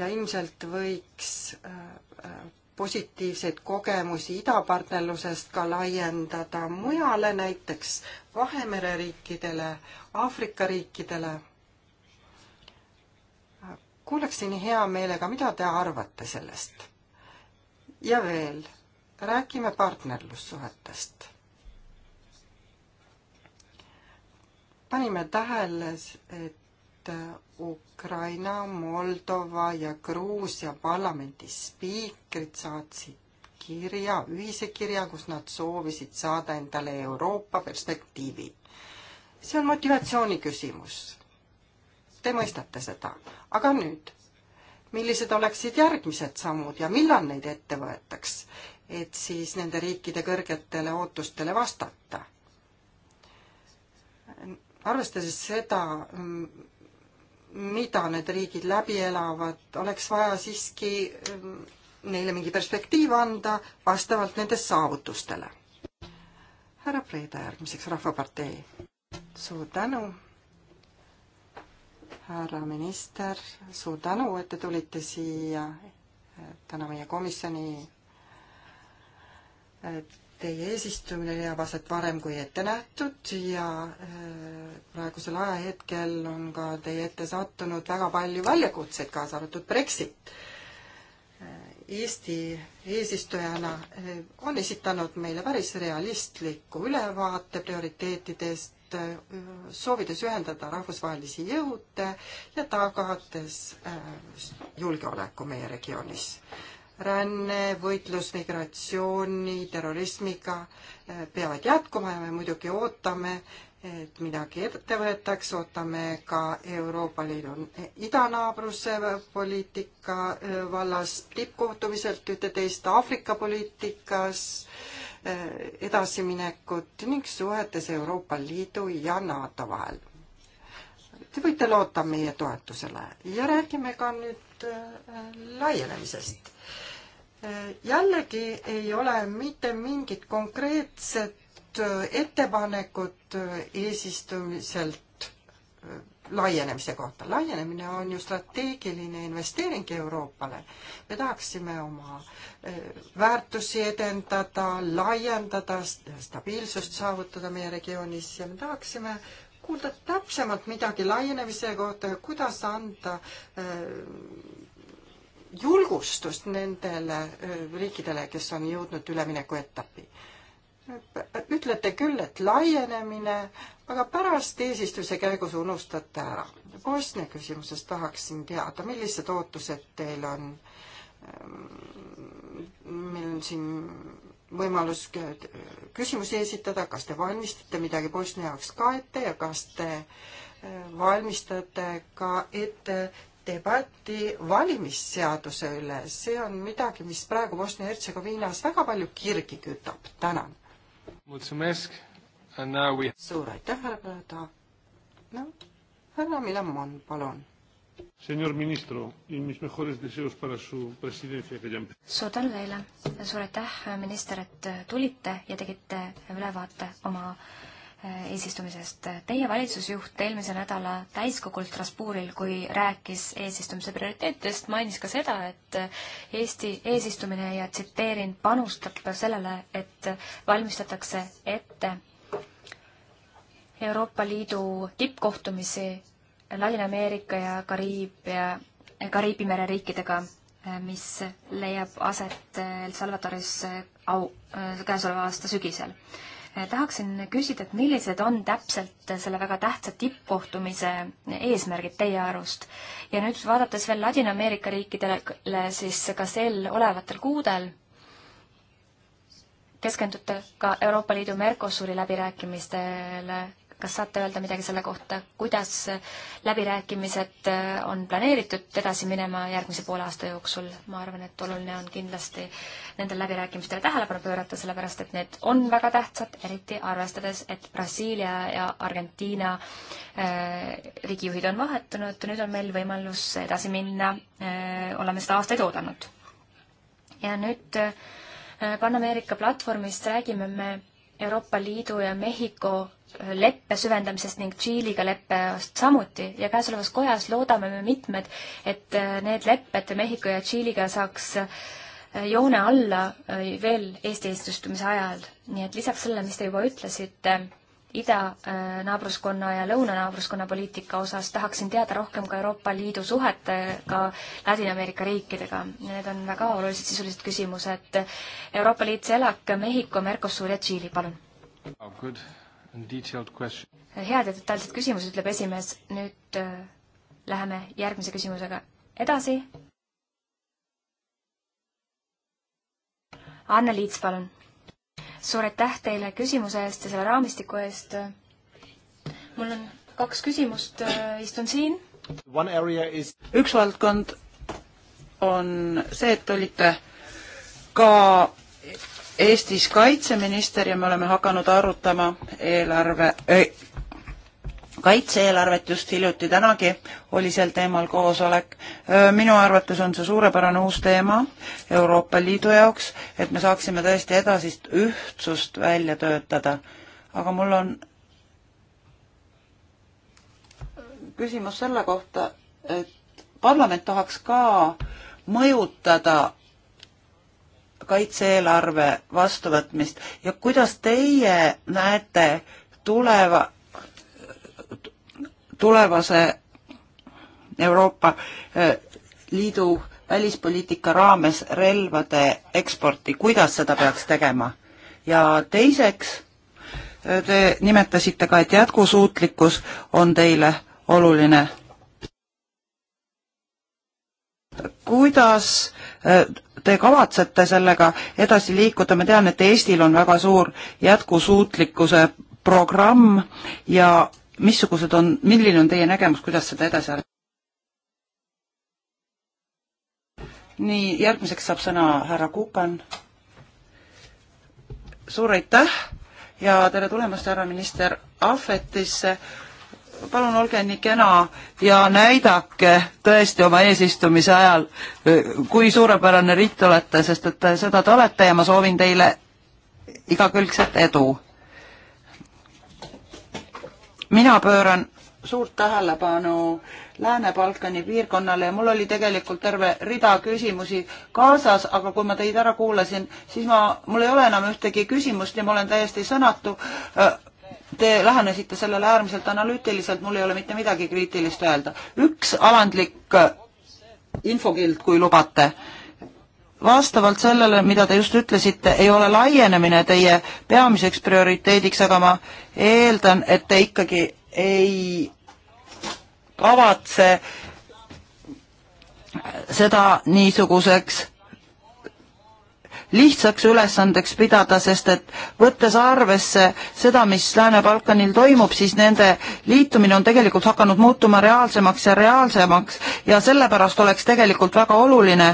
B: ja ilmselt võiks äh, äh, positiivseid kogemusi idapartnerlusest ka laiendada mujale, näiteks Vahemere riikidele, Aafrika riikidele. kuulaksin hea meelega, mida te arvate sellest? ja veel, räägime partnerlussuhetest. panime tähele, et et äh, Ukraina, Moldova ja Gruusia parlamendi spiikrid saatsid kirja, ühise kirja, kus nad soovisid saada endale Euroopa perspektiivi. see on motivatsiooni küsimus. Te mõistate seda. aga nüüd, millised oleksid järgmised sammud ja millal neid ette võetaks, et siis nende riikide kõrgetele ootustele vastata? arvestades seda, mida need riigid läbi elavad, oleks vaja siiski neile mingi perspektiiv anda vastavalt nende saavutustele. härra Preeda järgmiseks, Rahvapartei. suur tänu, härra minister, suur tänu, et te tulite siia täna meie komisjoni et Teie eesistumine leiab aset varem kui ette nähtud ja äh, praegusel ajahetkel on ka teie ette sattunud väga palju väljakutseid, kaasa arvatud Brexit. Äh, Eesti eesistujana äh, on esitanud meile päris realistliku ülevaate prioriteetidest, soovides ühendada rahvusvahelisi jõude ja tagades julgeoleku meie regioonis ränne, võitlus migratsiooni, terrorismiga eh, peavad jätkuma ja me muidugi ootame, et midagi ette võetakse, ootame ka Euroopa Liidu idanaabruse poliitika eh, vallas tippkohtumiselt ühte-teist Aafrika poliitikas eh, edasiminekut ning suhetes Euroopa Liidu ja NATO vahel. Te võite loota meie toetusele ja räägime ka nüüd laienemisest jällegi ei ole mitte mingit konkreetset äh, ettepanekut äh, eesistumiselt äh, laienemise kohta. laienemine on ju strateegiline investeering Euroopale. me tahaksime oma väärtusi edendada, laiendada, stabiilsust saavutada meie regioonis ja me tahaksime kuulda täpsemalt midagi laienemise kohta ja kuidas anda julgustust nendele äh, riikidele, kes on jõudnud üleminekuetappi. ütlete küll, et laienemine, aga pärast eesistuse käigus unustate ära. Bosnia küsimuses tahaksin teada, millised ootused teil on? meil on siin võimalus küsimusi esitada, kas te valmistate midagi Bosnia jaoks ka ette ja kas te äh, valmistate ka ette debatti valimisseaduse üle, see on midagi, mis praegu Bosnia-Hertsegoviinas väga palju kirgi kütab, tänan.
C: We... suur
B: aitäh, härra Prada. no, härra Milamon, palun. Señor ministro, y mis mejores deseos para su presidencia que ya
A: suur tänu teile, suur aitäh, minister, et tulite ja tegite ülevaate oma äh, Äh, eesistumisest. Teie valitsusjuht eelmise nädala täiskogul Strasbourgil, kui rääkis eesistumise prioriteetidest, mainis ka seda, et äh, Eesti eesistumine ja tsiteerin, panustab sellele, et valmistatakse ette Euroopa Liidu tippkohtumisi Ladina-Ameerika ja Kariibia, Kariibi mere riikidega, äh, mis leiab aset El Salvadoris au, käesoleva aasta sügisel Eh, tahaksin küsida, et millised on täpselt selle väga tähtsa tippkohtumise eesmärgid teie arust? ja nüüd vaadates veel Ladina-Ameerika riikidele, siis kas eelolevatel kuudel keskendute ka Euroopa Liidu Mercosuri läbirääkimistele kas saate öelda midagi selle kohta, kuidas läbirääkimised äh, on planeeritud edasi minema järgmise poole aasta jooksul? ma arvan, et oluline on kindlasti nendele läbirääkimistele tähelepanu pöörata, sellepärast et need on väga tähtsad, eriti arvestades, et Brasiilia ja Argentiina äh, riigijuhid on vahetunud, nüüd on meil võimalus edasi minna, äh, oleme seda aastaid oodanud. ja nüüd Pan-Ameerika platvormist räägime me Euroopa Liidu ja Mehhiko leppe süvendamisest ning Tšiiliga leppest samuti ja käesolevas kojas loodame me mitmed, et äh, need lepped Mehhiko ja Tšiiliga saaks äh, joone alla äh, veel Eesti eesistumise ajal. nii et lisaks sellele, mis te juba ütlesite, idanaabruskonna äh, ja lõunanaabruskonna poliitika osas tahaksin teada rohkem ka Euroopa Liidu suhetega Ladina-Ameerika riikidega. Need on väga olulised sisulised küsimused. Euroopa Liit, CELAC, Mehhiko, Mercosur ja Tšiili, palun oh,. head ja detailsed küsimused, ütleb esimees. nüüd äh, läheme järgmise küsimusega edasi. Anne Liits, palun suur aitäh teile küsimuse eest ja selle raamistiku eest. mul on kaks küsimust, istun siin.
C: Is... üks valdkond on see, et olite ka Eestis kaitseminister ja me oleme hakanud arutama eelarve äh,, kaitse-eelarvet just hiljuti tänagi oli sel teemal koosolek. minu arvates on see suurepärane uus teema Euroopa Liidu jaoks, et me saaksime tõesti edasist ühtsust välja töötada. aga mul on küsimus selle kohta, et parlament tahaks ka mõjutada kaitse-eelarve vastuvõtmist ja kuidas teie näete tuleva tulevase Euroopa eh, Liidu välispoliitika raames relvade eksporti, kuidas seda peaks tegema? ja teiseks, eh, te nimetasite ka, et jätkusuutlikkus on teile oluline. kuidas eh, te kavatsete sellega edasi liikuda, ma tean, et Eestil on väga suur jätkusuutlikkuse programm ja missugused on, milline on teie nägemus, kuidas seda edasi arendada? nii, järgmiseks saab sõna härra Kukan. suur aitäh ja tere tulemast, härra minister, ahvetisse. palun olge nii kena ja näidake tõesti oma eesistumise ajal, kui suurepärane ritt olete, sest et seda te olete ja ma soovin teile igakülgset edu mina pööran suurt tähelepanu Lääne-Balkani piirkonnale ja mul oli tegelikult terve rida küsimusi kaasas, aga kui ma teid ära kuulasin, siis ma, mul ei ole enam ühtegi küsimust ja ma olen täiesti sõnatu. Te lähenesite sellele äärmiselt analüütiliselt, mul ei ole mitte midagi kriitilist öelda. üks alandlik infokild, kui lubate vastavalt sellele, mida te just ütlesite, ei ole laienemine teie peamiseks prioriteediks, aga ma eeldan, et te ikkagi ei kavatse seda niisuguseks lihtsaks ülesandeks pidada, sest et võttes arvesse seda, mis Lääne-Balkanil toimub, siis nende liitumine on tegelikult hakanud muutuma reaalsemaks ja reaalsemaks ja sellepärast oleks tegelikult väga oluline,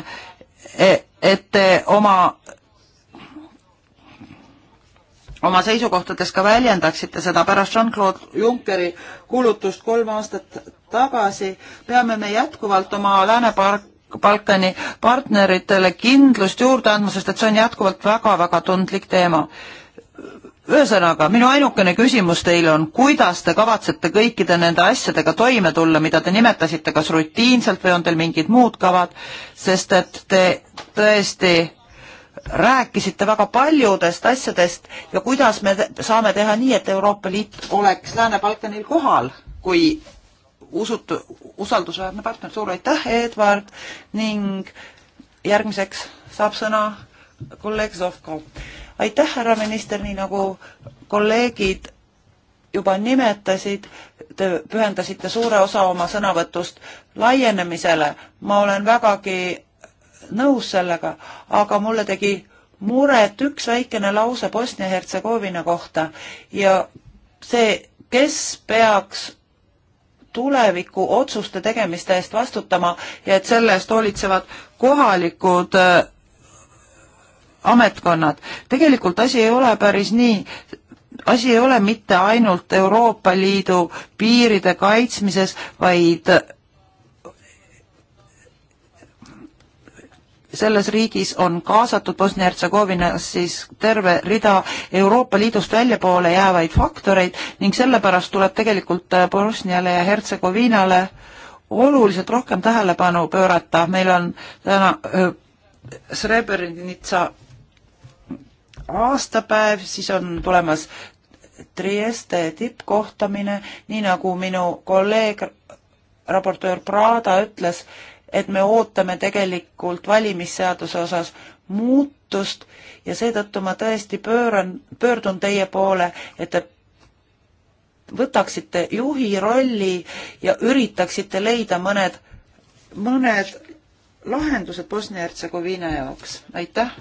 C: et te oma oma seisukohtades ka väljendaksite seda pärast Jean-Claude Junckeri kuulutust kolm aastat tagasi, peame me jätkuvalt oma Lääne-Balkani partneritele kindlust juurde andma, sest et see on jätkuvalt väga-väga tundlik teema ühesõnaga, minu ainukene küsimus teile on, kuidas te kavatsete kõikide nende asjadega toime tulla, mida te nimetasite, kas rutiinselt või on teil mingid muud kavad, sest et te tõesti rääkisite väga paljudest asjadest ja kuidas me te saame teha nii, et Euroopa Liit oleks Lääne-Balkanil kohal, kui usutu, usaldusväärne partner, suur aitäh, Edward, ning järgmiseks saab sõna kolleeg Zovko aitäh, härra minister, nii nagu kolleegid juba nimetasid, te pühendasite suure osa oma sõnavõtust laienemisele. ma olen vägagi nõus sellega, aga mulle tegi muret üks väikene lause Bosnia-Hertsegoviina kohta ja see, kes peaks tuleviku otsuste tegemiste eest vastutama ja et selle eest hoolitsevad kohalikud äh, ametkonnad. tegelikult asi ei ole päris nii, asi ei ole mitte ainult Euroopa Liidu piiride kaitsmises, vaid selles riigis on kaasatud Bosnia-Hertsegovinas siis terve rida Euroopa Liidust väljapoole jäävaid faktoreid ning sellepärast tuleb tegelikult äh, Bosniale ja Hertsegoviinale oluliselt rohkem tähelepanu pöörata. meil on täna äh, Srebrenica aastapäev, siis on tulemas Trieste tippkohtamine, nii nagu minu kolleeg, raportöör Prada ütles, et me ootame tegelikult valimisseaduse osas muutust ja seetõttu ma tõesti pööran, pöördun teie poole, et te võtaksite juhi rolli ja üritaksite leida mõned, mõned lahendused Bosnia-Hertsegoviina jaoks, aitäh!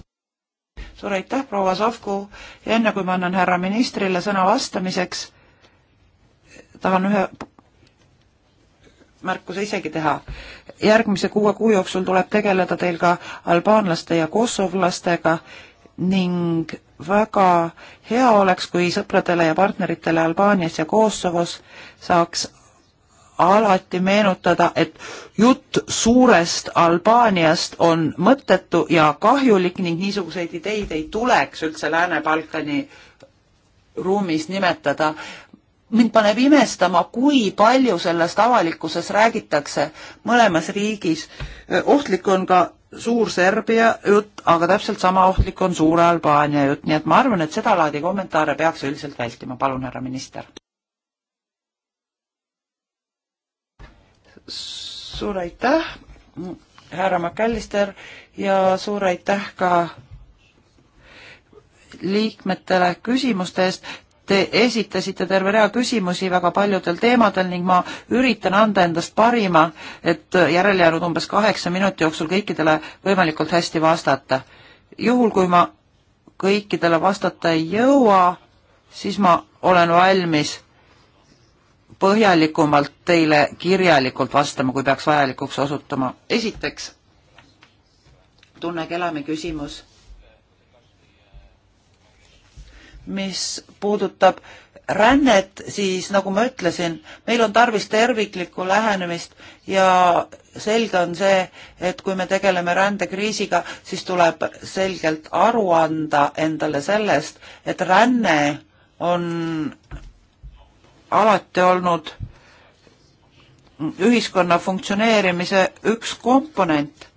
C: suur aitäh, proua Savku ja enne kui ma annan härra ministrile sõna vastamiseks, tahan ühe märkuse isegi teha. järgmise kuue kuu jooksul tuleb tegeleda teil ka albaanlaste ja kosovlastega ning väga hea oleks, kui sõpradele ja partneritele Albaanias ja Kosovos saaks alati meenutada, et jutt suurest Albaaniast on mõttetu ja kahjulik ning niisuguseid ideid ei tuleks üldse Lääne-Balkani ruumis nimetada. mind paneb imestama, kui palju sellest avalikkuses räägitakse mõlemas riigis. ohtlik on ka Suur-Serbia jutt, aga täpselt sama ohtlik on Suure-Albaania jutt, nii et ma arvan, et sedalaadi kommentaare peaks üldiselt vältima, palun, härra minister. suur aitäh, härra McAllister ja suur aitäh ka liikmetele küsimuste eest. Te esitasite terve rea küsimusi väga paljudel teemadel ning ma üritan anda endast parima, et järelejäänud umbes kaheksa minuti jooksul kõikidele võimalikult hästi vastata. juhul, kui ma kõikidele vastata ei jõua, siis ma olen valmis põhjalikumalt teile kirjalikult vastama, kui peaks vajalikuks osutuma. esiteks, Tunne Kelami küsimus, mis puudutab rännet, siis nagu ma ütlesin, meil on tarvis terviklikku lähenemist ja selge on see, et kui me tegeleme rändekriisiga, siis tuleb selgelt aru anda endale sellest, et ränne on alati olnud ühiskonna funktsioneerimise üks komponent.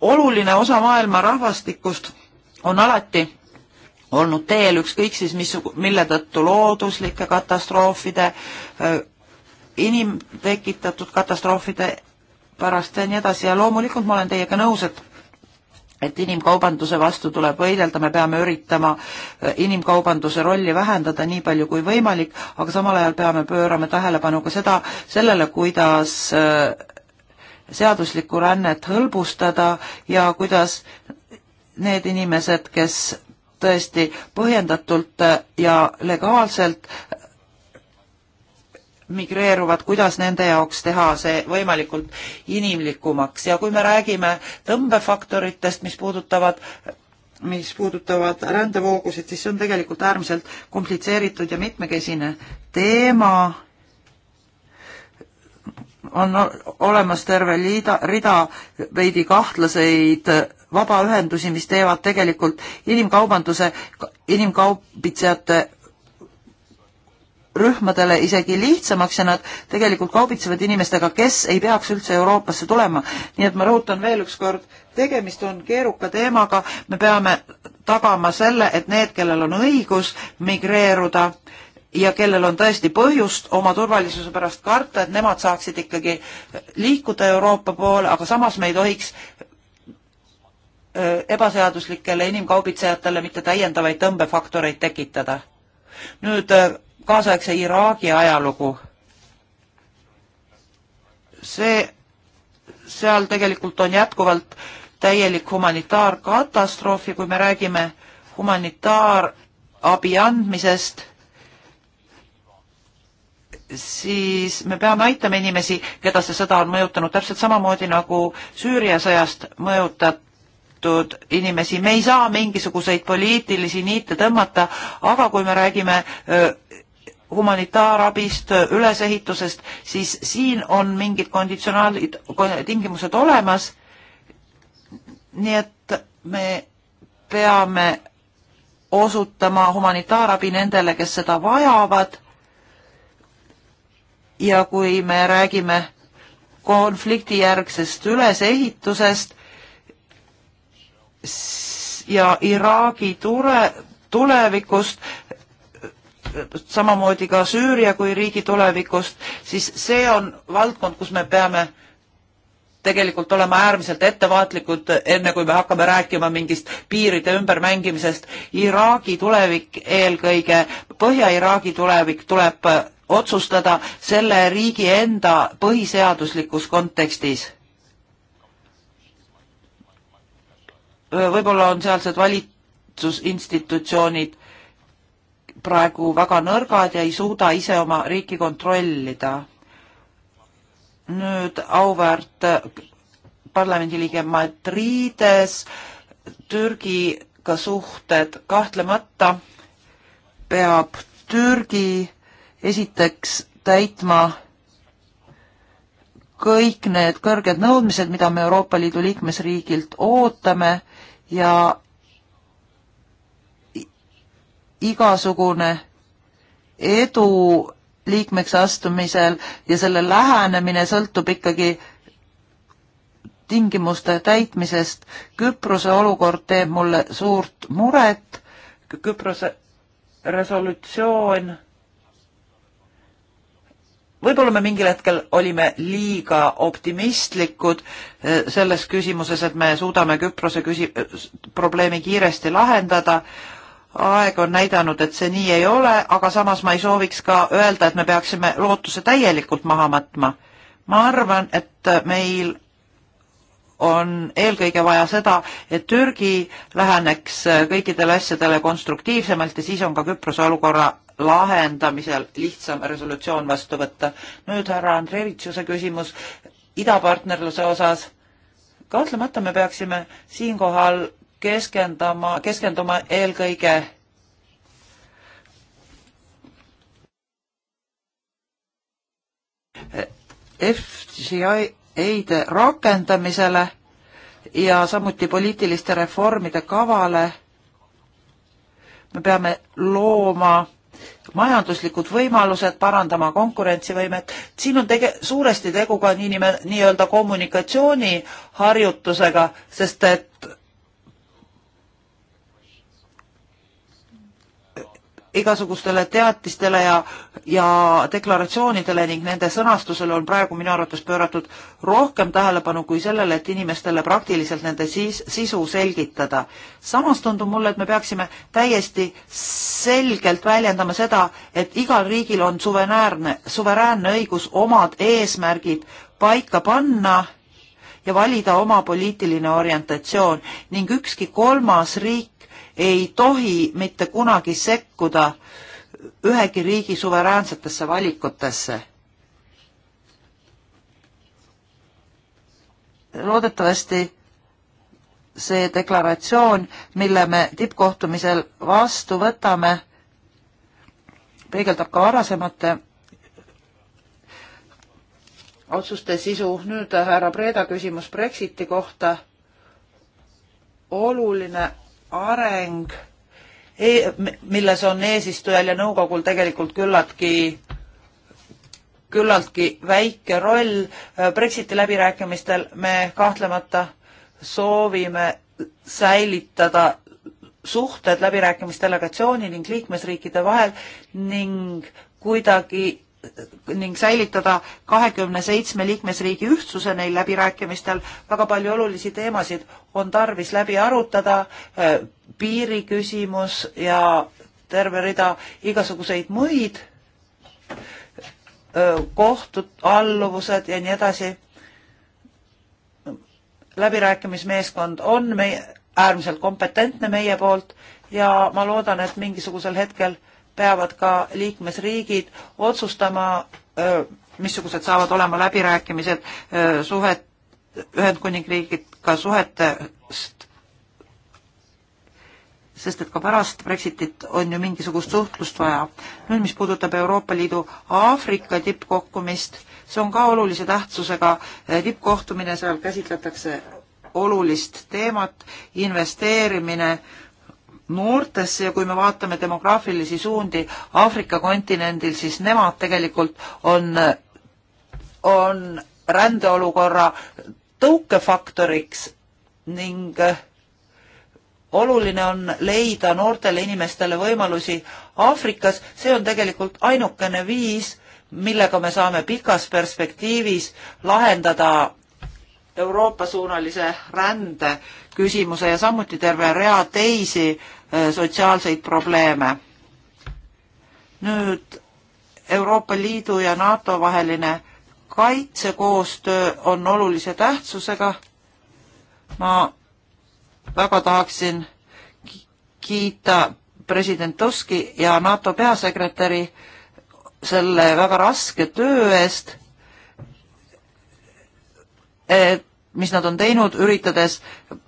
C: oluline osa maailma rahvastikust on alati olnud teel ükskõik siis mis, mille tõttu looduslike katastroofide, inimtekitatud katastroofide pärast ja nii edasi ja loomulikult ma olen teiega nõus, et et inimkaubanduse vastu tuleb võidelda, me peame üritama äh, inimkaubanduse rolli vähendada nii palju kui võimalik, aga samal ajal peame pöörama tähelepanu ka seda, sellele, kuidas äh, seaduslikku rännet hõlbustada ja kuidas need inimesed, kes tõesti põhjendatult ja legaalselt migreeruvad, kuidas nende jaoks teha see võimalikult inimlikumaks ja kui me räägime tõmbefaktoritest, mis puudutavad mis puudutavad rändevoogusid, siis see on tegelikult äärmiselt komplitseeritud ja mitmekesine teema. on olemas terve liida, rida veidi kahtlaseid vabaühendusi, mis teevad tegelikult inimkaubanduse, inimkaubitsejate rühmadele isegi lihtsamaks ja nad tegelikult kaubitsevad inimestega, kes ei peaks üldse Euroopasse tulema. nii et ma rõhutan veel ükskord, tegemist on keeruka teemaga, me peame tagama selle, et need, kellel on õigus migreeruda ja kellel on tõesti põhjust oma turvalisuse pärast karta, et nemad saaksid ikkagi liikuda Euroopa poole, aga samas me ei tohiks ebaseaduslikele inimkaubitsejatele mitte täiendavaid tõmbefaktoreid tekitada. nüüd kaasaegse Iraagi ajalugu. see, seal tegelikult on jätkuvalt täielik humanitaarkatastroofi, kui me räägime humanitaarabi andmisest, siis me peame aitama inimesi, keda see sõda on mõjutanud, täpselt samamoodi nagu Süüria sõjast mõjutatud teatud inimesi, me ei saa mingisuguseid poliitilisi niite tõmmata, aga kui me räägime humanitaarabist, ülesehitusest, siis siin on mingid konditsionaalid, tingimused olemas. nii et me peame osutama humanitaarabi nendele, kes seda vajavad. ja kui me räägime konfliktijärgsest ülesehitusest ja Iraagi tule, tulevikust, samamoodi ka Süüria kui riigi tulevikust, siis see on valdkond, kus me peame tegelikult olema äärmiselt ettevaatlikud, enne kui me hakkame rääkima mingist piiride ümbermängimisest. Iraagi tulevik eelkõige, Põhja-Iraagi tulevik tuleb otsustada selle riigi enda põhiseaduslikus kontekstis. võib-olla on sealsed valitsusinstitutsioonid praegu väga nõrgad ja ei suuda ise oma riiki kontrollida. nüüd auväärt parlamendiliige Madrides, Türgiga suhted kahtlemata peab Türgi esiteks täitma kõik need kõrged nõudmised, mida me Euroopa Liidu liikmesriigilt ootame ja igasugune edu liikmeks astumisel ja selle lähenemine sõltub ikkagi tingimuste täitmisest. Küprose olukord teeb mulle suurt muret. Küprose resolutsioon. võib-olla me mingil hetkel olime liiga optimistlikud eh, selles küsimuses, et me suudame Küprose küsi-, probleemi kiiresti lahendada, aeg on näidanud, et see nii ei ole, aga samas ma ei sooviks ka öelda, et me peaksime lootuse täielikult maha matma. ma arvan, et meil on eelkõige vaja seda, et Türgi läheneks kõikidele asjadele konstruktiivsemalt ja siis on ka Küprose olukorra lahendamisel lihtsam resolutsioon vastu võtta. nüüd härra Andrevitsuse küsimus idapartnerluse osas. kahtlemata me peaksime siinkohal keskendama, keskenduma eelkõige FCI-de rakendamisele ja samuti poliitiliste reformide kavale. me peame looma majanduslikud võimalused, parandama konkurentsivõimet. siin on tege-, suuresti tegu ka niinime-, nii-öelda kommunikatsiooniharjutusega, sest et igasugustele teatistele ja, ja deklaratsioonidele ning nende sõnastusele on praegu minu arvates pööratud rohkem tähelepanu kui sellele, et inimestele praktiliselt nende siis, sisu selgitada. samas tundub mulle, et me peaksime täiesti selgelt väljendama seda, et igal riigil on suveräänne, suveräänne õigus omad eesmärgid paika panna ja valida oma poliitiline orientatsioon ning ükski kolmas riik ei tohi mitte kunagi sekkuda ühegi riigi suveräänsetesse valikutesse. loodetavasti see deklaratsioon, mille me tippkohtumisel vastu võtame, peegeldab ka varasemate otsuste sisu. nüüd härra Preeda küsimus Brexiti kohta. oluline areng, e, milles on eesistujal ja nõukogul tegelikult küllaltki küllaltki väike roll. Brexiti läbirääkimistel me kahtlemata soovime säilitada suhted läbirääkimisdelegatsiooni ning liikmesriikide vahel ning kuidagi ning säilitada kahekümne seitsme liikmesriigi ühtsuse neil läbirääkimistel. väga palju olulisi teemasid on tarvis läbi arutada, eh, piiriküsimus ja terve rida igasuguseid muid eh, kohtud, alluvused ja nii edasi. läbirääkimismeeskond on meie, äärmiselt kompetentne meie poolt ja ma loodan, et mingisugusel hetkel peavad ka liikmesriigid otsustama, missugused saavad olema läbirääkimised suhet, Ühendkuningriigiga suhetest, sest et ka pärast Brexitit on ju mingisugust suhtlust vaja. nüüd, mis puudutab Euroopa Liidu Aafrika tippkokkumist, see on ka olulise tähtsusega tippkohtumine, seal käsitletakse olulist teemat, investeerimine äh, noortesse ja kui me vaatame demograafilisi suundi Aafrika kontinendil, siis nemad tegelikult on, on rändeolukorra tõukefaktoriks ning äh, oluline on leida noortele inimestele võimalusi Aafrikas, see on tegelikult ainukene viis, millega me saame pikas perspektiivis lahendada Euroopa suunalise rände küsimuse ja samuti terve rea teisi Äh, sotsiaalseid probleeme. nüüd Euroopa Liidu ja NATO vaheline kaitsekoostöö on olulise tähtsusega. ma väga tahaksin kiita president Tuski ja NATO peasekretäri selle väga raske töö eest, et mis nad on teinud, üritades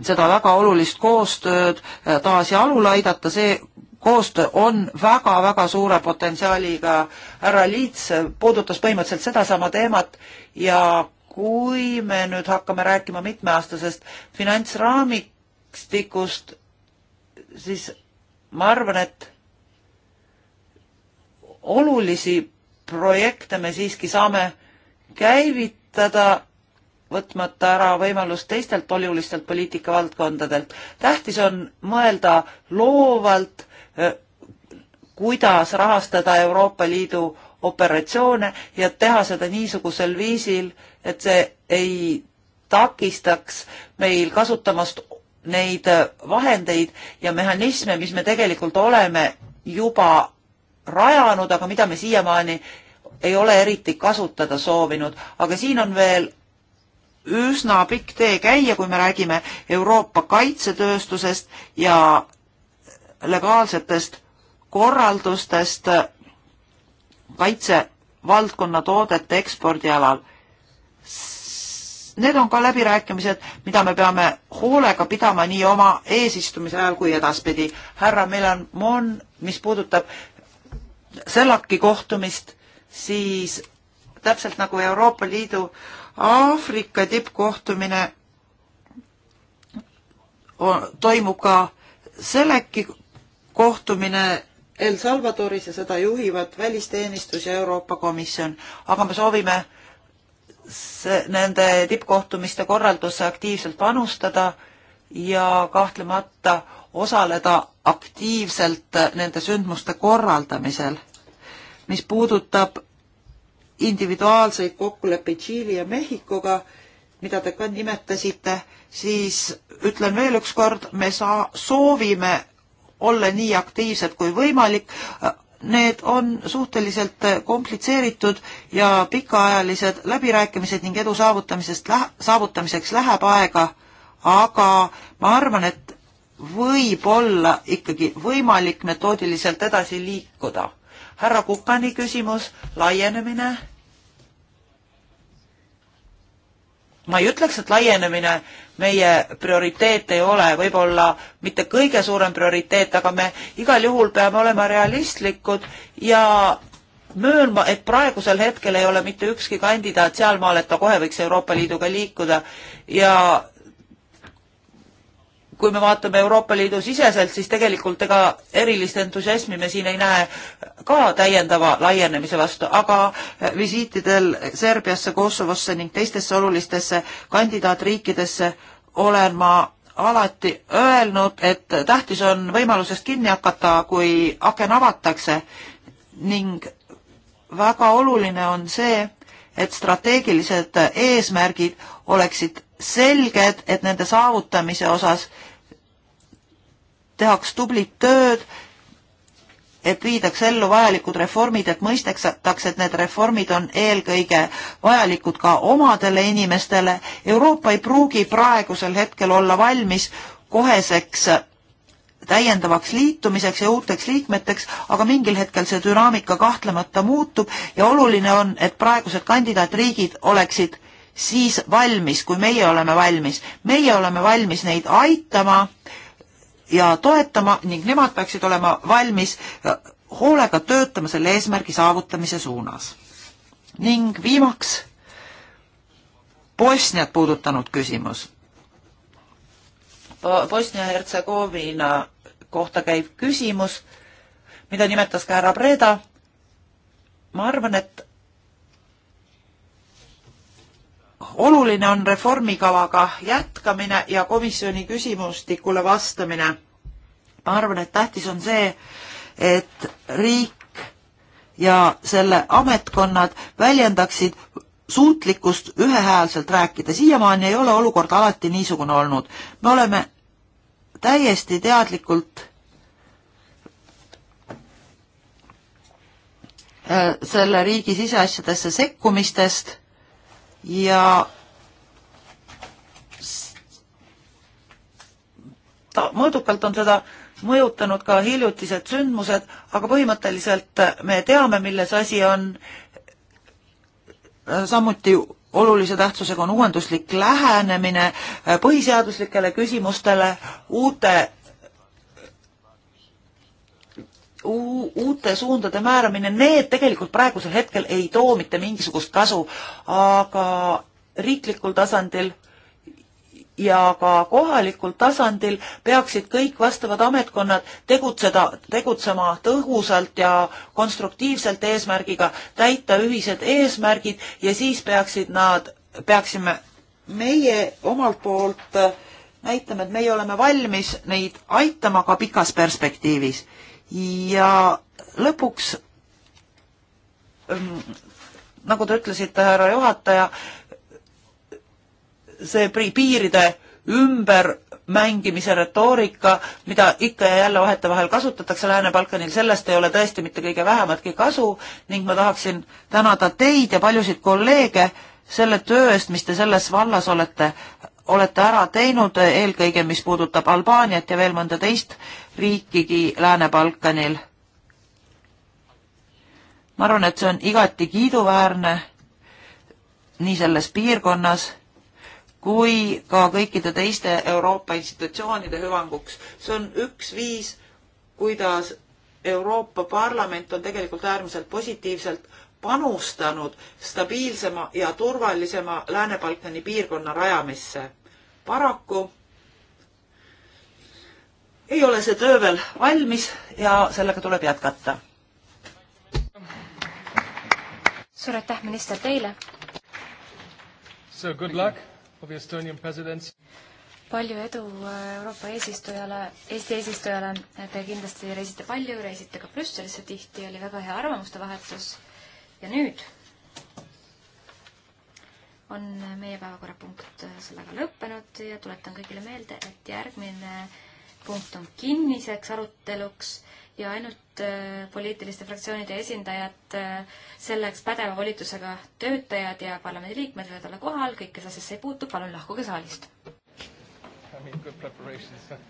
C: seda väga olulist koostööd äh, taas jalule aidata, see koostöö on väga-väga suure potentsiaaliga. härra Liits äh, puudutas põhimõtteliselt sedasama teemat ja kui me nüüd hakkame rääkima mitmeaastasest finantsraamistikust, siis ma arvan, et olulisi projekte me siiski saame käivitada võtmata ära võimalust teistelt olulistelt poliitikavaldkondadelt. tähtis on mõelda loovalt, eh, kuidas rahastada Euroopa Liidu operatsioone ja teha seda niisugusel viisil, et see ei takistaks meil kasutamast neid eh, vahendeid ja mehhanisme, mis me tegelikult oleme juba rajanud, aga mida me siiamaani ei ole eriti kasutada soovinud, aga siin on veel üsna pikk tee käia, kui me räägime Euroopa kaitsetööstusest ja legaalsetest korraldustest kaitsevaldkonna toodete ekspordialal. Need on ka läbirääkimised, mida me peame hoolega pidama nii oma eesistumise ajal kui edaspidi. härra Milan Mon, mis puudutab SELAK-i kohtumist, siis täpselt nagu Euroopa Liidu äh, Aafrika tippkohtumine toimub ka selleki kohtumine El Salvadoris ja seda juhivad välisteenistus ja Euroopa Komisjon, aga me soovime nende tippkohtumiste korraldusse aktiivselt panustada ja kahtlemata osaleda aktiivselt nende sündmuste korraldamisel. mis puudutab individuaalseid kokkuleppeid Tšiili ja Mehhikoga, mida te ka nimetasite, siis ütlen veel ükskord, me saa-, soovime olla nii aktiivsed kui võimalik. Need on suhteliselt komplitseeritud ja pikaajalised läbirääkimised ning edu saavutamisest lähe, saavutamiseks läheb aega, aga ma arvan, et võib-olla ikkagi võimalik metoodiliselt edasi liikuda. härra Kukani küsimus, laienemine ma ei ütleks, et laienemine meie prioriteet ei ole, võib-olla mitte kõige suurem prioriteet, aga me igal juhul peame olema realistlikud ja möönma, et praegusel hetkel ei ole mitte ükski kandidaat sealmaal, et ta kohe võiks Euroopa Liiduga liikuda ja kui me vaatame Euroopa Liidu siseselt, siis tegelikult ega erilist entusiasmi me siin ei näe ka täiendava laienemise vastu, aga visiitidel Serbiasse, Kosovosse ning teistesse olulistesse kandidaatriikidesse olen ma alati öelnud, et tähtis on võimalusest kinni hakata, kui aken avatakse ning väga oluline on see, et strateegilised eesmärgid oleksid selged, et nende saavutamise osas tehaks tublit tööd, et viidaks ellu vajalikud reformid, et mõistetakse, et need reformid on eelkõige vajalikud ka omadele inimestele. Euroopa ei pruugi praegusel hetkel olla valmis koheseks täiendavaks liitumiseks ja uuteks liikmeteks, aga mingil hetkel see dünaamika kahtlemata muutub ja oluline on, et praegused kandidaatriigid oleksid siis valmis, kui meie oleme valmis. meie oleme valmis neid aitama ja toetama ning nemad peaksid olema valmis äh, hoolega töötama selle eesmärgi saavutamise suunas. ning viimaks Bosniat puudutanud küsimus Bo. Bosnia-Hertsegoviina kohta käiv küsimus, mida nimetas ka härra Breda. ma arvan, et oluline on reformikavaga jätkamine ja komisjoni küsimustikule vastamine. ma arvan, et tähtis on see, et riik ja selle ametkonnad väljendaksid suutlikkust ühehäälselt rääkida. siiamaani ei ole olukord alati niisugune olnud. me oleme täiesti teadlikult äh, selle riigi siseasjadesse sekkumistest ja ta, mõõdukalt on seda mõjutanud ka hiljutised sündmused, aga põhimõtteliselt me teame, milles asi on. samuti olulise tähtsusega on uuenduslik lähenemine põhiseaduslikele küsimustele, uute uute suundade määramine, need tegelikult praegusel hetkel ei too mitte mingisugust kasu, aga riiklikul tasandil ja ka kohalikul tasandil peaksid kõik vastavad ametkonnad tegutseda, tegutsema tõhusalt ja konstruktiivselt eesmärgiga, täita ühised eesmärgid ja siis peaksid nad, peaksime meie omalt poolt näitama, et meie oleme valmis neid aitama ka pikas perspektiivis ja lõpuks, mm, nagu te ütlesite, härra juhataja, see piiride ümbermängimise retoorika, mida ikka ja jälle vahetevahel kasutatakse Lääne-Balkanil, sellest ei ole tõesti mitte kõige vähematki kasu ning ma tahaksin tänada teid ja paljusid kolleege selle töö eest, mis te selles vallas olete olete ära teinud, eelkõige mis puudutab Albaaniat ja veel mõnda teist riikigi Lääne-Balkanil? ma arvan, et see on igati kiiduväärne nii selles piirkonnas kui ka kõikide teiste Euroopa institutsioonide hüvanguks. see on üks viis, kuidas Euroopa Parlament on tegelikult äärmiselt positiivselt panustanud stabiilsema ja turvalisema Lääne-Balkani piirkonna rajamisse. paraku ei ole see töö veel valmis ja sellega tuleb jätkata.
A: suur aitäh, minister, teile!
C: So good luck of the Estonian presidency!
A: palju edu äh, Euroopa eesistujale, Eesti eesistujale, te kindlasti reisite palju, reisite ka Brüsselisse tihti, oli väga hea arvamuste vahetus ja nüüd on meie päevakorrapunkt äh, sellega lõppenud ja tuletan kõigile meelde, et järgmine punkt on kinniseks aruteluks ja ainult äh, poliitiliste fraktsioonide esindajad, äh, selleks pädeva volitusega töötajad ja parlamendiliikmed võivad olla kohal, kõik, kes asjasse ei puutu, palun lahkuge saalist.
B: I mean, good preparations.